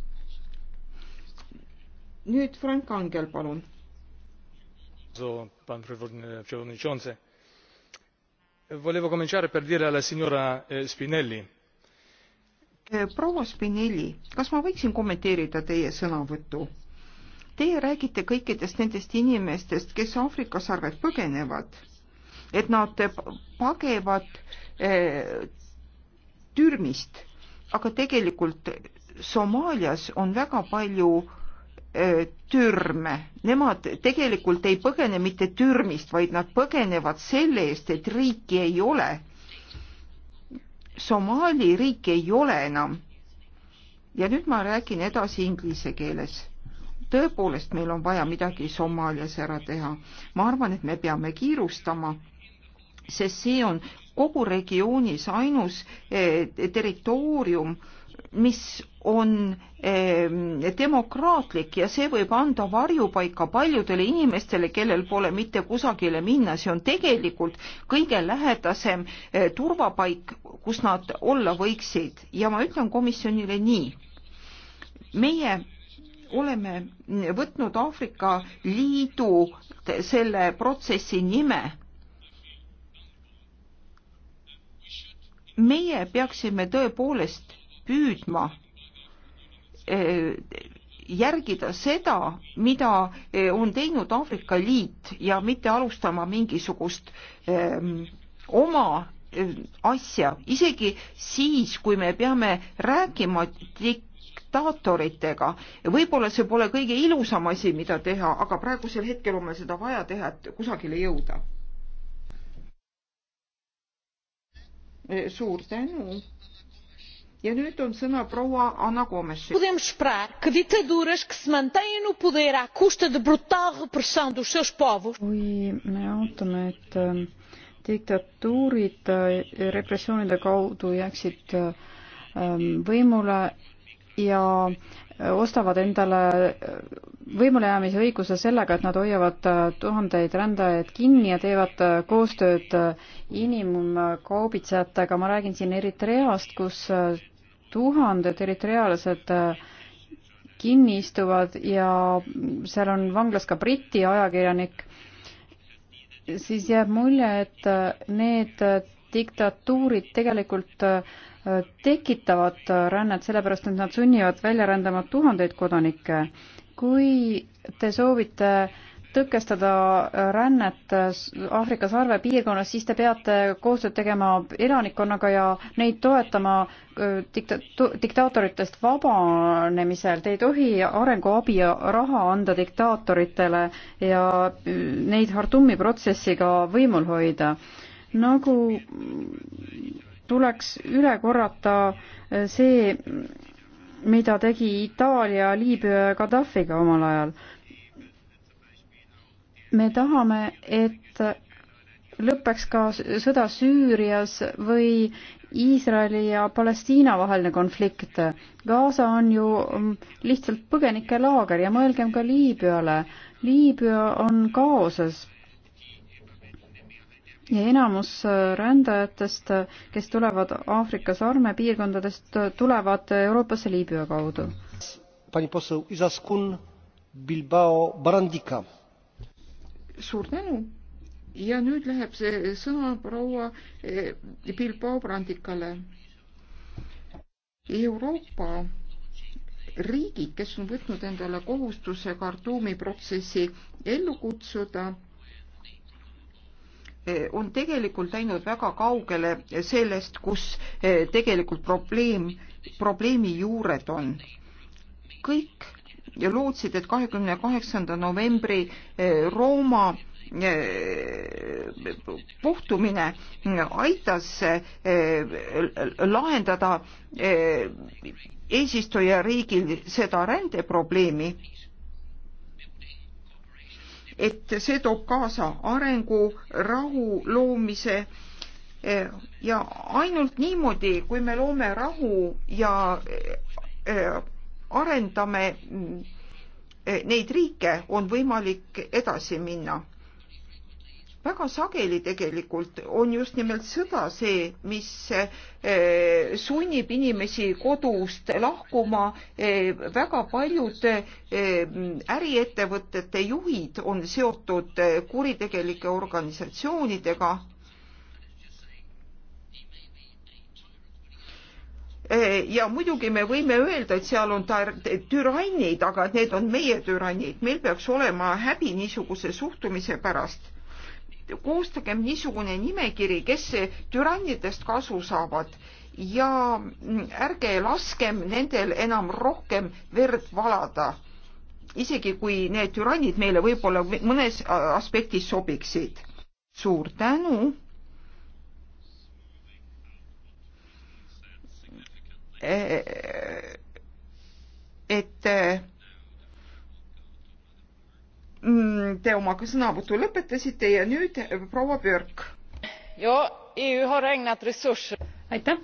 nüüd Frank Angel, palun volevo cominciare per dire alla signora eh, Spinelli. Eh, proua Spinelli, kas ma võiksin kommenteerida teie sõnavõttu? Teie räägite kõikidest nendest inimestest, kes Aafrika sarved põgenevad, et nad pagevad eh, türmist, aga tegelikult Somaalias on väga palju türme. Nemad tegelikult ei põgene mitte türmist, vaid nad põgenevad selle eest, et riiki ei ole. Somaali riiki ei ole enam. ja nüüd ma räägin edasi inglise keeles. tõepoolest, meil on vaja midagi Somaalias ära teha. ma arvan, et me peame kiirustama, sest see on kogu regioonis ainus eh, territoorium eh,, mis on ehm, demokraatlik ja see võib anda varjupaika paljudele inimestele, kellel pole mitte kusagile minna, see on tegelikult kõige lähedasem eh, turvapaik, kus nad olla võiksid ja ma ütlen komisjonile nii. meie oleme võtnud Aafrika Liidu selle protsessi nime meie peaksime tõepoolest püüdma eh, järgida seda, mida eh, on teinud Aafrika Liit ja mitte alustama mingisugust öö, ehm, oma eh, asja, isegi siis, kui me peame rääkima diktaatoritega. võib-olla see pole kõige ilusam asi, mida teha, aga praegusel hetkel on meil seda vaja teha, et kusagile jõuda. suur tänu ja nüüd on sõna proua Anna Gomesil. Podemos esperar que ditaduras que se mantêm no poder à custa de brutal repressão dos seus povos. kui me ootame, et eh, diktatuurid eh, repressioonide kaudu jääksid eh, võimule ja ostavad endale võimulejäämise õiguse sellega, et nad hoiavad tuhandeid rändajaid kinni ja teevad koostööd inimkaubitsejatega, ma räägin siin Eritreast, kus tuhanded eritrealased äh, kinni istuvad ja seal on vanglas ka Briti ajakirjanik, siis jääb mulje, et äh, need äh, diktatuurid tegelikult tekitavad rännet, sellepärast et nad sunnivad välja rändama tuhandeid kodanikke. kui te soovite äh, tõkestada äh, rännet äh, Aafrika sarve piirkonnas, siis te peate koostööd tegema elanikkonnaga ja neid toetama äh, dikta-, diktaatoritest vabanemisel. Te ei tohi arenguabi ja raha anda diktaatoritele ja neid Hartumi protsessiga võimul hoida. nagu tuleks üle korrata see, mida tegi Itaalia Liibüa ja Gaddafiga omal ajal me tahame, et lõpeks ka sõda Süürias või Iisraeli ja Palestiina vaheline konflikt. Gaza on ju mm, lihtsalt põgenikelaager ja mõelgem ka Liibüale. Liibüa on kaoses ja enamus äh, rändajatest, äh, kes tulevad Aafrika sarme piirkondadest, äh, tulevad Euroopasse Liibüa kaudu. pani posõu Izaskun Bilbao Barandika suur tänu ja nüüd läheb see sõna proua eh, Bilbao Brandikale. Euroopa riigid, kes on võtnud endale kohustuse Khartoumi protsessi ellu kutsuda, eh, on tegelikult läinud väga kaugele sellest, kus eh, tegelikult probleem, probleemi juured on. kõik lootsid, et kahekümne kaheksanda novembri eh, Rooma kohtumine eh, eh, aitas lahendada eesistujariigil seda rändeprobleemi, et see toob kaasa arengu, rahu loomise ja ainult niimoodi, kui me loome rahu ja arendame eh, neid riike, on võimalik edasi minna. väga sageli tegelikult on just nimelt sõda see, mis eh, sunnib inimesi kodust lahkuma. Eh, väga paljud äriettevõtete juhid on seotud kuritegelike organisatsioonidega Eh, ja muidugi me võime öelda, et seal on türannid, aga need on meie türannid, meil peaks olema häbi niisuguse suhtumise pärast. koostagem niisugune nimekiri, kes türannidest kasu saavad ja ärge laskem nendel enam rohkem verd valada. isegi kui need türannid meile võib-olla mõnes aspektis sobiksid. suur tänu Eh, et eh, mm, te oma sõnavõtu lõpetasite ja nüüd eh, proua Björk. E aitäh.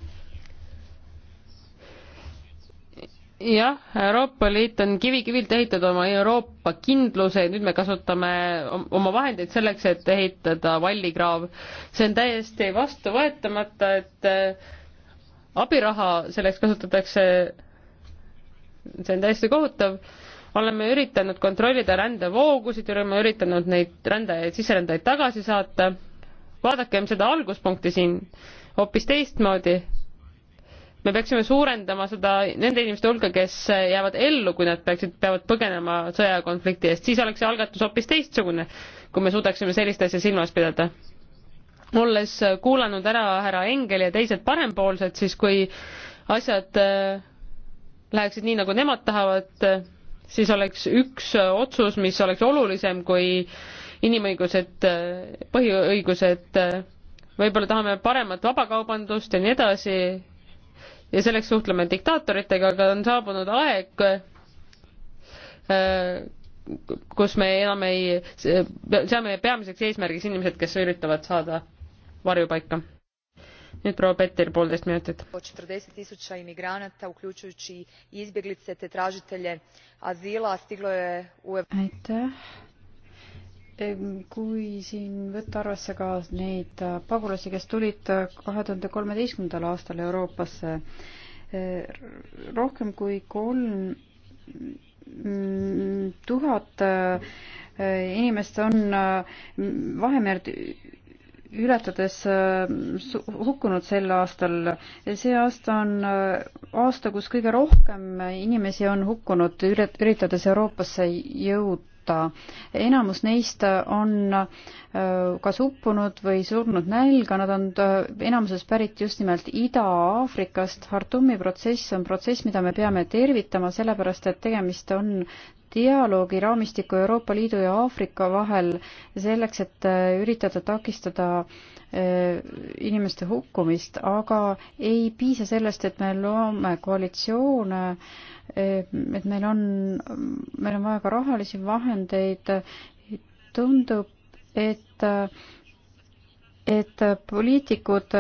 jah, Euroopa Liit on kivi kivilt ehitanud oma Euroopa kindluse ja nüüd me kasutame oma vahendeid selleks, et ehitada vallikraav. see on täiesti vastuvõetamata, et abiraha selleks kasutatakse, see on täiesti kohutav, oleme üritanud kontrollida rändevoogusid, oleme üritanud neid rändajaid, sisserändajaid tagasi saata, vaadakem seda alguspunkti siin hoopis teistmoodi. me peaksime suurendama seda nende inimeste hulka, kes jäävad ellu, kui nad peaksid, peavad põgenema sõjakonflikti eest, siis oleks see algatus hoopis teistsugune, kui me suudaksime sellist asja silmas pidada olles kuulanud ära härra Engel ja teised parempoolsed, siis kui asjad äh, läheksid nii, nagu nemad tahavad, äh, siis oleks üks äh, otsus, mis oleks olulisem kui inimõigused, põhiõigused, võib-olla tahame paremat vabakaubandust ja nii edasi, ja selleks suhtleme diktaatoritega, aga on saabunud aeg, kus me enam ei, seame peamiseks eesmärgiks inimesed, kes üritavad saada varjupaika. nüüd proua Petir, poolteist minutit. aitäh kui siin võtta arvesse ka neid äh, pagulasi, kes tulid äh, kahe tuhande kolmeteistkümnendal aastal Euroopasse, äh, rohkem kui kolm mm, tuhat inimest on Vahemerd ületades äh, hukkunud sel aastal. see aasta on äh, aasta, kus kõige rohkem inimesi on hukkunud, üritades Euroopasse jõud, surnuta. enamus neist on äh, kas uppunud või surnud nälga, nad on äh, enamuses pärit just nimelt Ida-Aafrikast. Hartumi protsess on protsess, mida me peame tervitama, sellepärast et tegemist on dialoogi raamistiku Euroopa Liidu ja Aafrika vahel selleks, et äh, üritada takistada äh, Äh, inimeste hukkumist, aga ei piisa sellest, et me loome koalitsioone, äh, et meil on, meil on vaja ka rahalisi vahendeid. tundub, et et poliitikud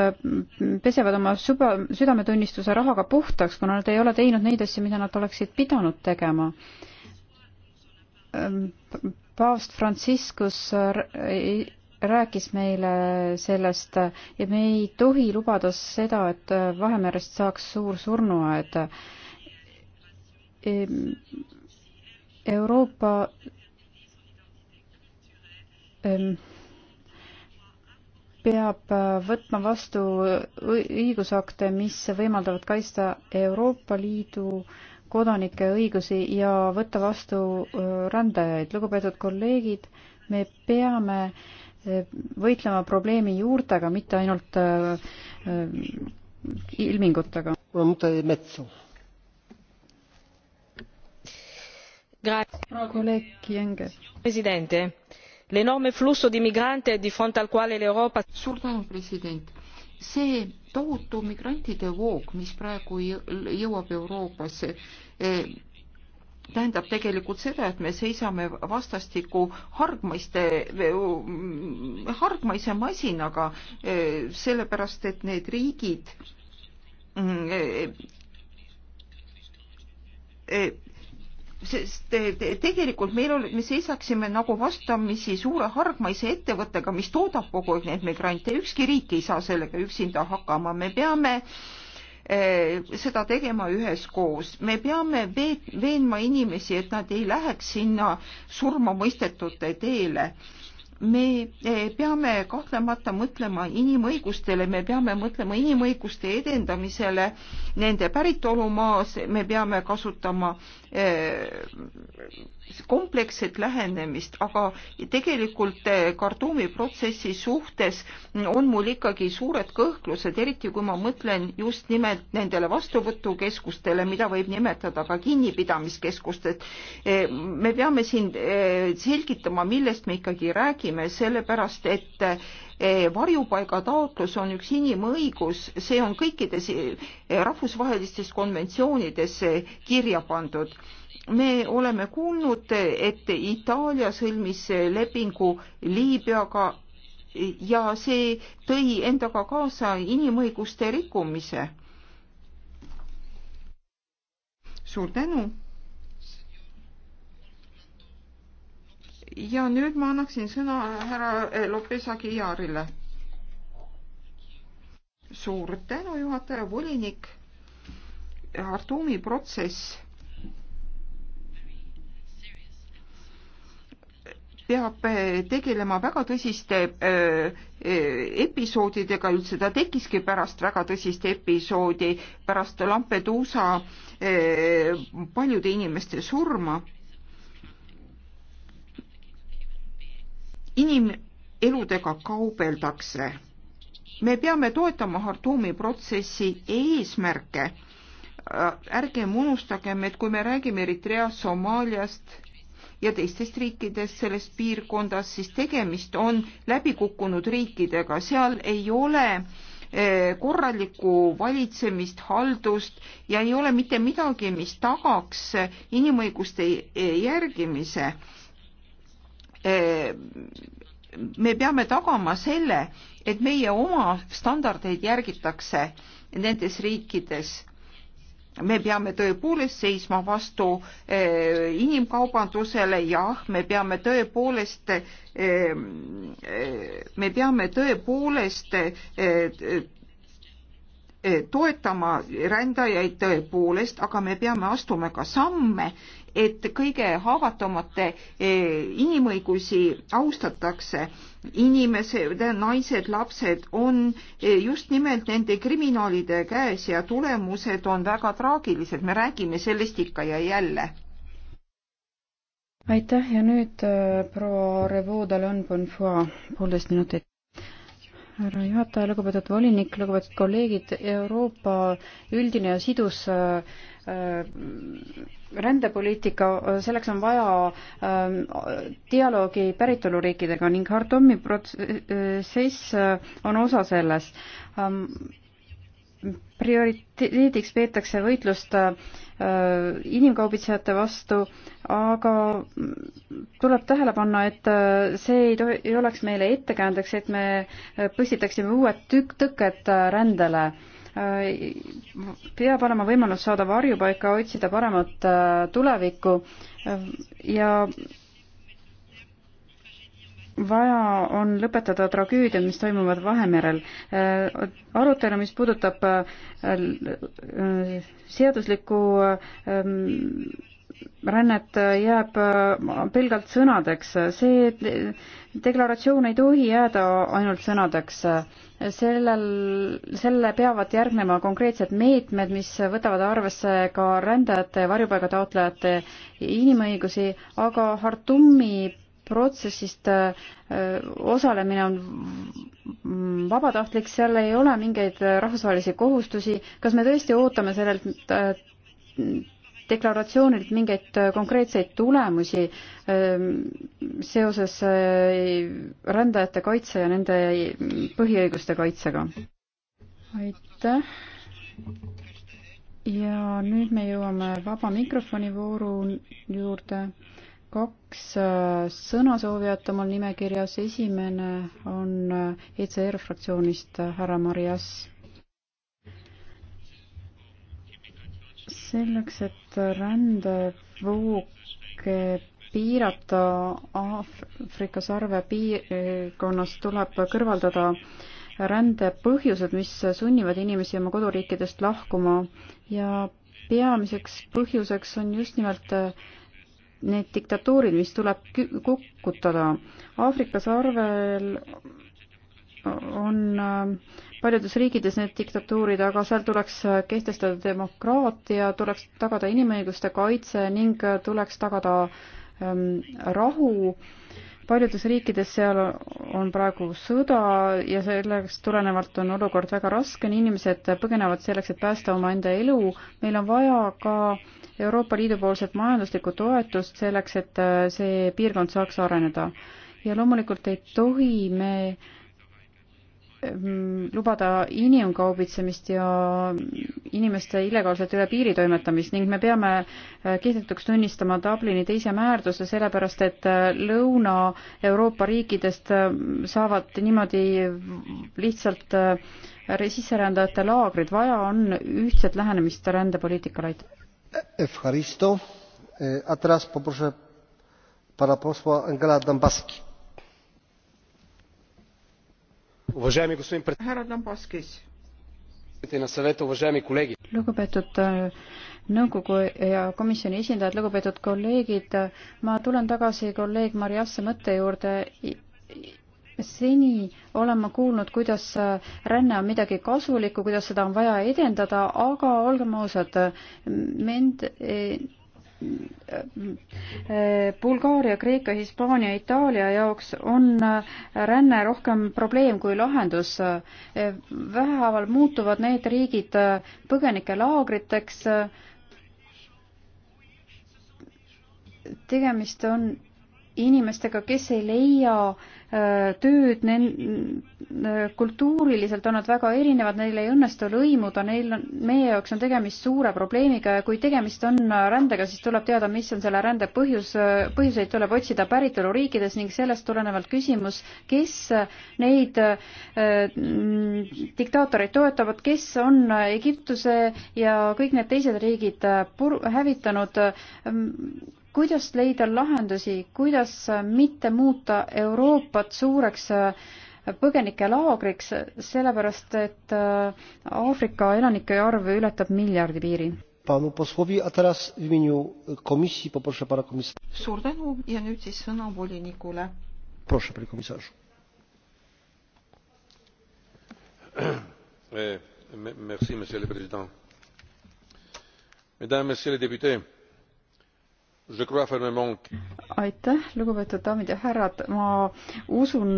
pesevad oma suba, südametunnistuse rahaga puhtaks, kuna nad ei ole teinud neid asju, mida nad oleksid pidanud tegema. Ähm, paavst Franciscus äh, rääkis meile sellest ja me ei tohi lubada seda, et Vahemerest saaks suur surnuaed. Ehm, Euroopa ehm, peab võtma vastu õigusakte, mis võimaldavad kaitsta Euroopa Liidu kodanike õigusi ja võtta vastu rändajaid. lugupeetud kolleegid, me peame äh, võitlema probleemi juurtega, mitte ainult äh, äh, ilmingutega. kolleeg Kienge. president, l'enorme flusso di migrante di fronte al quale l'Euroopa. suur tänu, president see tohutu migrantide voog, mis praegu jõuab Euroopasse, eh, tähendab tegelikult seda, et me seisame vastastikku hargmaiste, hargmaise masinaga, sellepärast et need riigid sest tegelikult meil oli, me seisaksime nagu vastamisi suure hargmaise ettevõttega, mis toodab kogu aeg neid migrante, ükski riik ei saa sellega üksinda hakkama, me peame äh, Eh, seda tegema üheskoos. me peame veenma inimesi, et nad ei läheks sinna surmamõistetute teele me eh, peame kahtlemata mõtlema inimõigustele, me peame mõtlema inimõiguste edendamisele nende päritolumaas, me peame kasutama eh, kompleksset lähenemist, aga tegelikult eh, Khartoumi protsessi suhtes on mul ikkagi suured kõhklused, eriti kui ma mõtlen just nimelt nendele vastuvõtukeskustele, mida võib nimetada ka kinnipidamiskeskustest. me peame siin selgitama, millest me ikkagi räägime räägime, sellepärast et eh, varjupaigataotlus on üks inimõigus, see on kõikides eh, rahvusvahelistes konventsioonides eh, kirja pandud. me oleme kuulnud, et Itaalia sõlmis lepingu Liibüaga ja see tõi endaga kaasa inimõiguste rikkumise. suur tänu ja nüüd ma annaksin sõna härra eh, Lopes Aguiarile. suur tänu, juhataja, volinik. Artumi protsess peab eh, tegelema väga tõsiste eh, episoodidega, üldse ta tekkiski pärast väga tõsist episoodi, pärast Lampeduusa paljude inimeste surma inimeludega kaubeldakse. me peame toetama Hartumi protsessi eesmärke. Äh, ärgem unustagem, et kui me räägime Eritreast, Somaaliast ja teistest riikidest selles piirkondas, siis tegemist on läbikukkunud riikidega, seal ei ole äh, korralikku valitsemist, haldust ja ei ole mitte midagi, mis tagaks inimõiguste järgimise Äh, me peame tagama selle, et meie oma standardeid järgitakse nendes riikides. me peame tõepoolest seisma vastu äh, inimkaubandusele, jah, me peame tõepoolest, äh, me peame tõepoolest toetama rändajaid tõepoolest, aga me peame astuma ka samme et kõige haavatavamate eh, inimõigusi austatakse. inimesed, naised, lapsed on eh, just nimelt nende kriminaalide käes ja tulemused on väga traagilised, me räägime sellest ikka ja jälle aitäh ja nüüd äh, proua Revo Dallon Bonfoy, poolteist minutit härra juhataja, lugupeetud volinik, lugupeetud kolleegid, Euroopa üldine ja sidus äh, rändepoliitika, selleks on vaja äh, dialoogi päritoluriikidega ning Hartomi protsess äh, on osa sellest ähm, prioriteediks peetakse võitlust äh, inimkaubitsejate vastu, aga tuleb tähele panna, et äh, see ei, tohi, ei oleks meile ettekäändeks, et me äh, püstitaksime uued tükk tõkked rändele. peab olema võimalus saada varjupaika, otsida paremat tulevikku ja vaja on lõpetada tragöödiad, mis toimuvad Vahemerel. Äh, arutelu, mis puudutab äh, äh, seaduslikku ähm, rännet, jääb pelgalt sõnadeks. see deklaratsioon ei tohi jääda ainult sõnadeks. sellel, selle peavad järgnema konkreetsed meetmed, mis võtavad arvesse ka rändajate ja varjupaigataotlejate inimõigusi, aga Hartumi protsessist äh, osalemine on vabatahtlik, seal ei ole mingeid rahvusvahelisi kohustusi. kas me tõesti ootame sellelt äh, deklaratsioonilt mingeid konkreetseid tulemusi ähm, seoses äh, rändajate kaitse ja nende põhiõiguste kaitsega? aitäh. ja nüüd me jõuame vaba mikrofoni vooru juurde kaks äh, sõnasoovijat omal nimekirjas, esimene on äh, ECR fraktsioonist äh, härra Marias. selleks, et rändevooge piirata Aafrika sarve piirkonnas, tuleb kõrvaldada rände põhjused, mis sunnivad inimesi oma koduriikidest lahkuma ja peamiseks põhjuseks on just nimelt need diktatuurid, mis tuleb kukutada. Aafrika sarvel on äh, paljudes riikides need diktatuurid, aga seal tuleks äh, kehtestada demokraatia, tuleks tagada inimõiguste kaitse ning äh, tuleks tagada ähm, rahu äh, paljudes riikides seal on praegu sõda ja sellest tulenevalt on olukord väga raske, inimesed põgenevad selleks, et päästa omaenda elu. meil on vaja ka Euroopa Liidu poolset majanduslikku toetust selleks, et see piirkond saaks areneda. ja loomulikult ei tohi me äh, Mm, lubada inimkaubitsemist ja inimeste illegaalset üle piiri toimetamist ning me peame äh, kehtetuks tunnistama Dublini teise määrduse, sellepärast et äh, Lõuna-Euroopa riikidest äh, saavad niimoodi lihtsalt sisserändajate laagrid, vaja on ühtset lähenemist rändepoliitikale, aitäh härra Dombrovskis. lugupeetud äh, nõukogu ja komisjoni esindajad, lugupeetud kolleegid, ma tulen tagasi kolleeg Mariasse mõtte juurde seni olen ma kuulnud, kuidas äh, ränne on midagi kasulikku, kuidas seda on vaja edendada, aga olgem ausad, äh, mind Bulgaaria, Kreeka, Hispaania, Itaalia jaoks on äh, ränne rohkem probleem kui lahendus. Äh, vähehaaval muutuvad need riigid äh, põgenikelaagriteks. tegemist on inimestega, kes ei leia äh, tööd, äh, kultuuriliselt on nad väga erinevad, neil ei õnnestu lõimuda, neil on, meie jaoks on tegemist suure probleemiga ja kui tegemist on äh, rändega, siis tuleb teada, mis on selle rände põhjus, põhjuseid tuleb otsida päritoluriikides ning sellest tulenevalt küsimus, kes neid mm, diktaatoreid toetavad, kes on Egiptuse ja kõik need teised riigid pur-, hävitanud mm, kuidas leida lahendusi, kuidas mitte muuta Euroopat suureks äh, põgenikelaagriks, sellepärast et äh, Aafrika elanike arv ületab miljardi piiri. suur tänu ja nüüd siis sõna volinikule. Eh, merci, monsieur le président. Mesdames, messieurs les députés aitäh, lugupeetud daamid ja härrad, ma usun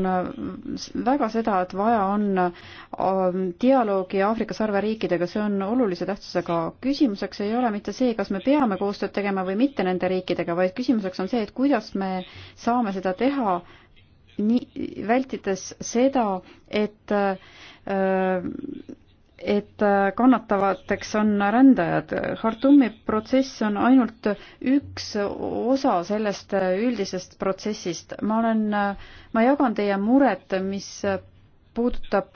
väga seda, et vaja on ähm, dialoogi Aafrika sarve riikidega, see on olulise tähtsusega. küsimuseks ei ole mitte see, kas me peame koostööd tegema või mitte nende riikidega, vaid küsimuseks on see, et kuidas me saame seda teha, nii, vältides seda, et öö, äh, et äh, kannatavateks on rändajad. Khartoumi protsess on ainult üks osa sellest äh, üldisest protsessist. ma olen, äh, ma jagan teie muret, mis puudutab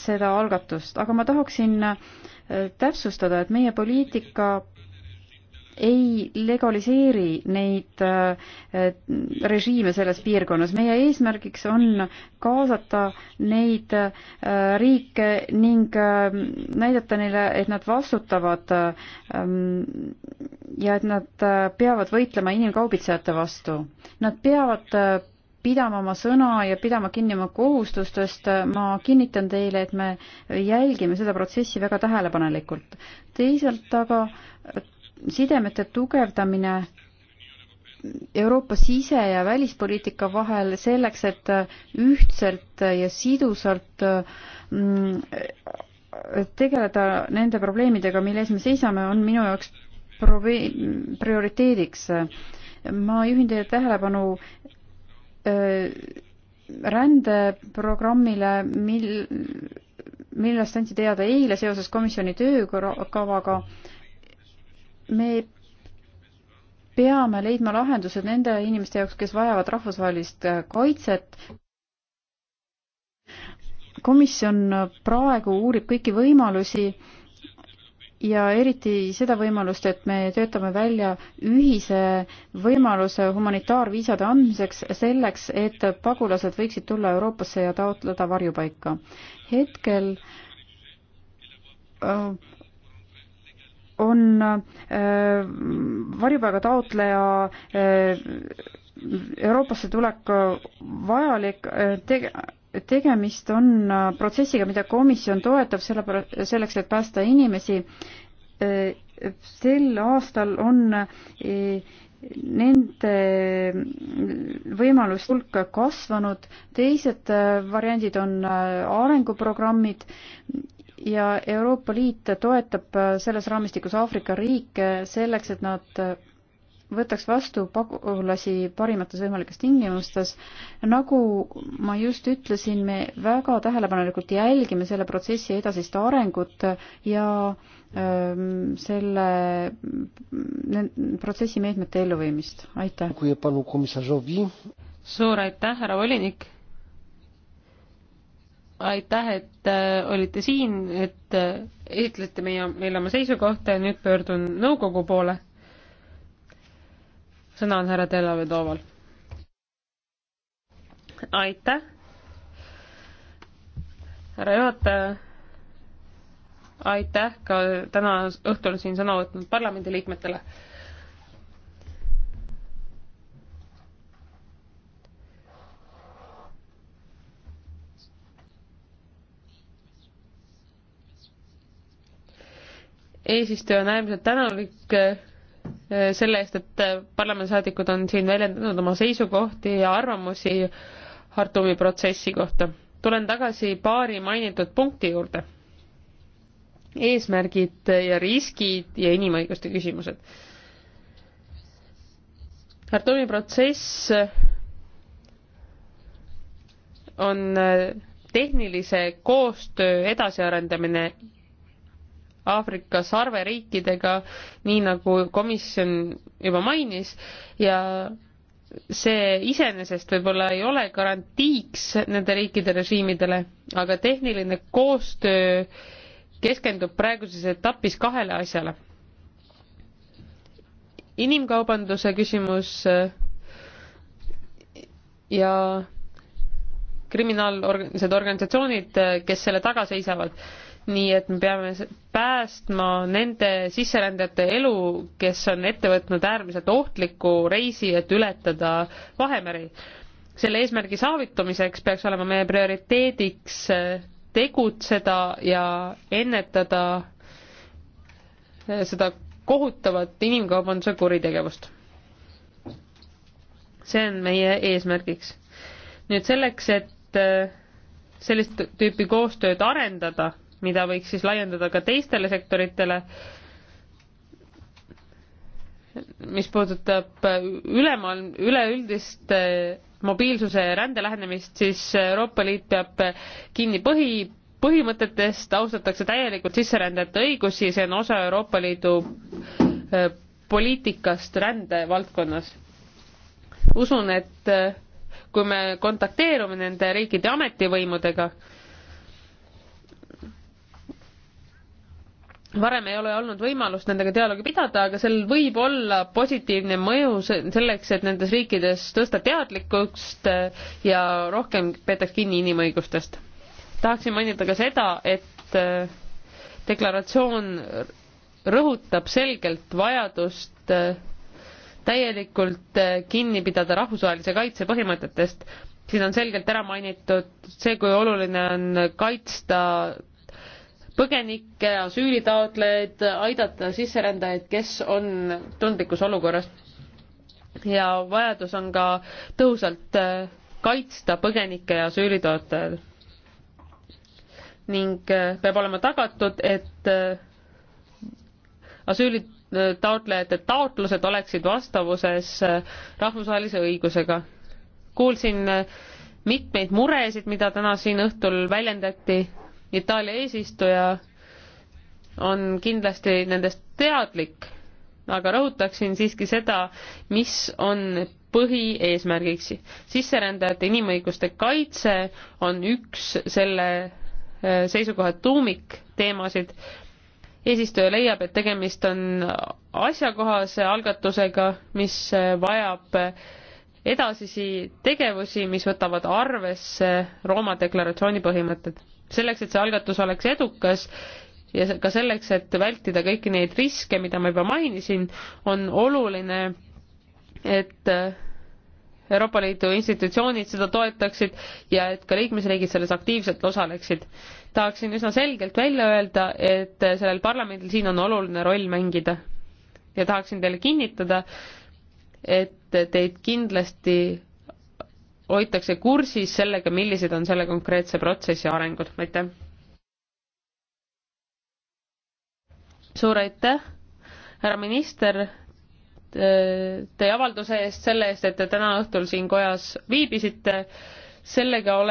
seda algatust, aga ma tahaksin täpsustada, et meie poliitika ei legaliseeri neid äh, režiime selles piirkonnas. meie eesmärgiks on kaasata neid äh, riike ning äh, näidata neile, et nad vastutavad ähm, ja et nad peavad võitlema inimkaubitsejate vastu. Nad peavad pidama oma sõna ja pidama kinni oma kohustustest, ma kinnitan teile, et me jälgime seda protsessi väga tähelepanelikult. teisalt aga sidemete tugevdamine Euroopa sise- ja välispoliitika vahel selleks, et ühtselt ja sidusalt mm, tegeleda nende probleemidega, mille ees me seisame, on minu jaoks prioriteediks. ma juhin teie tähelepanu rändeprogrammile, mil, millest andsi teada eile seoses komisjoni töökavaga, me peame leidma lahendused nende inimeste jaoks, kes vajavad rahvusvahelist äh, kaitset. komisjon praegu uurib kõiki võimalusi ja eriti seda võimalust, et me töötame välja ühise võimaluse humanitaarviisade andmiseks selleks, et pagulased võiksid tulla Euroopasse ja taotleda varjupaika. hetkel äh, on äh, varjupaiga taotleja äh, Euroopasse tulek vajalik äh, tege-, tegemist on protsessiga, mida komisjon toetab selle, selleks, et päästa inimesi. sel aastal on nende võimaluste hulk kasvanud, teised variandid on arenguprogrammid ja Euroopa Liit toetab äh, selles raamistikus Aafrika riike selleks, et nad äh, võtaks vastu pagulasi parimates võimalikes tingimustes. nagu ma just ütlesin, me väga tähelepanelikult jälgime selle protsessi edasist arengut ja ähm, selle protsessi meetmete elluviimist. aitäh! suur aitäh, härra volinik! aitäh, et äh, olite siin, et äh, esitlesite meie, meile oma seisukohta ja nüüd pöördun nõukogu poole. sõna on härra Delavedoval. aitäh, härra juhataja. aitäh ka täna õhtul siin sõna võtnud parlamendiliikmetele eesistuja on äärmiselt tänulik eh, selle eest, et parlamendisaadikud on siin väljendanud oma seisukohti ja arvamusi Hartumi protsessi kohta. tulen tagasi paari mainitud punkti juurde. eesmärgid ja riskid ja inimõiguste küsimused. Hartumi protsess on eh, tehnilise koostöö edasiarendamine Aafrika sarveriikidega, nii nagu komisjon juba mainis ja see iseenesest võib-olla ei ole garantiiks nende riikide režiimidele, aga tehniline koostöö keskendub praeguses etapis kahele asjale. inimkaubanduse küsimus äh, ja kriminaalorganisatsioonid, äh, kes selle taga seisavad nii et me peame päästma nende sisserändajate elu, kes on ette võtnud äärmiselt ohtliku reisi, et ületada Vahemeri. selle eesmärgi saavutamiseks peaks olema meie prioriteediks äh, tegutseda ja ennetada äh, seda kohutavat inimkaubanduse kuritegevust. see on meie eesmärgiks. nüüd selleks, et äh, sellist tüüpi koostööd arendada mida võiks siis laiendada ka teistele sektoritele, mis puudutab ülemaa, üleüldist mobiilsuse ja rände lähenemist, siis Euroopa Liit peab kinni põhi, põhimõtetest, austatakse täielikult sisserändajate õigusi, see on osa Euroopa Liidu äh, poliitikast rände valdkonnas. usun, et äh, kui me kontakteerume nende riikide ametivõimudega, varem ei ole olnud võimalust nendega dialoogi pidada, aga sel võib olla positiivne mõju selleks, et nendes riikides tõsta teadlikkust eh, ja rohkem peetaks kinni inimõigustest. tahaksin mainida ka seda, et eh, deklaratsioon rõhutab selgelt vajadust eh, täielikult kinni pidada rahvusvahelise kaitse põhimõtetest. siin on selgelt ära mainitud see, kui oluline on kaitsta põgenikke, asüülitaotlejaid, aidata sisserändajaid, kes on tundlikus olukorras. ja vajadus on ka tõhusalt äh, kaitsta põgenikke ja asüülitaotlejaid. ning äh, peab olema tagatud, et äh, asüülitaotlejate taotlused oleksid vastavuses rahvusvahelise õigusega. kuulsin mitmeid muresid, mida täna siin õhtul väljendati Itaalia eesistuja on kindlasti nendest teadlik, aga rõhutaksin siiski seda, mis on põhieesmärgiks. sisserändajate inimõiguste kaitse on üks selle äh, seisukoha tuumikteemasid. eesistuja leiab, et tegemist on asjakohase algatusega, mis vajab edasisi tegevusi, mis võtavad arvesse Rooma deklaratsiooni põhimõtted selleks, et see algatus oleks edukas ja ka selleks, et vältida kõiki neid riske, mida ma juba mainisin, on oluline, et äh, Euroopa Liidu institutsioonid seda toetaksid ja et ka liikmesriigid selles aktiivselt osaleksid. tahaksin üsna selgelt välja öelda, et äh, sellel parlamendil siin on oluline roll mängida. ja tahaksin teile kinnitada, et äh, teid kindlasti hoitakse kursis sellega, millised on selle konkreetse protsessi arengud, aitäh. suur aitäh, härra minister, teie avalduse eest, selle eest, et te täna õhtul siin kojas viibisite, sellega oleme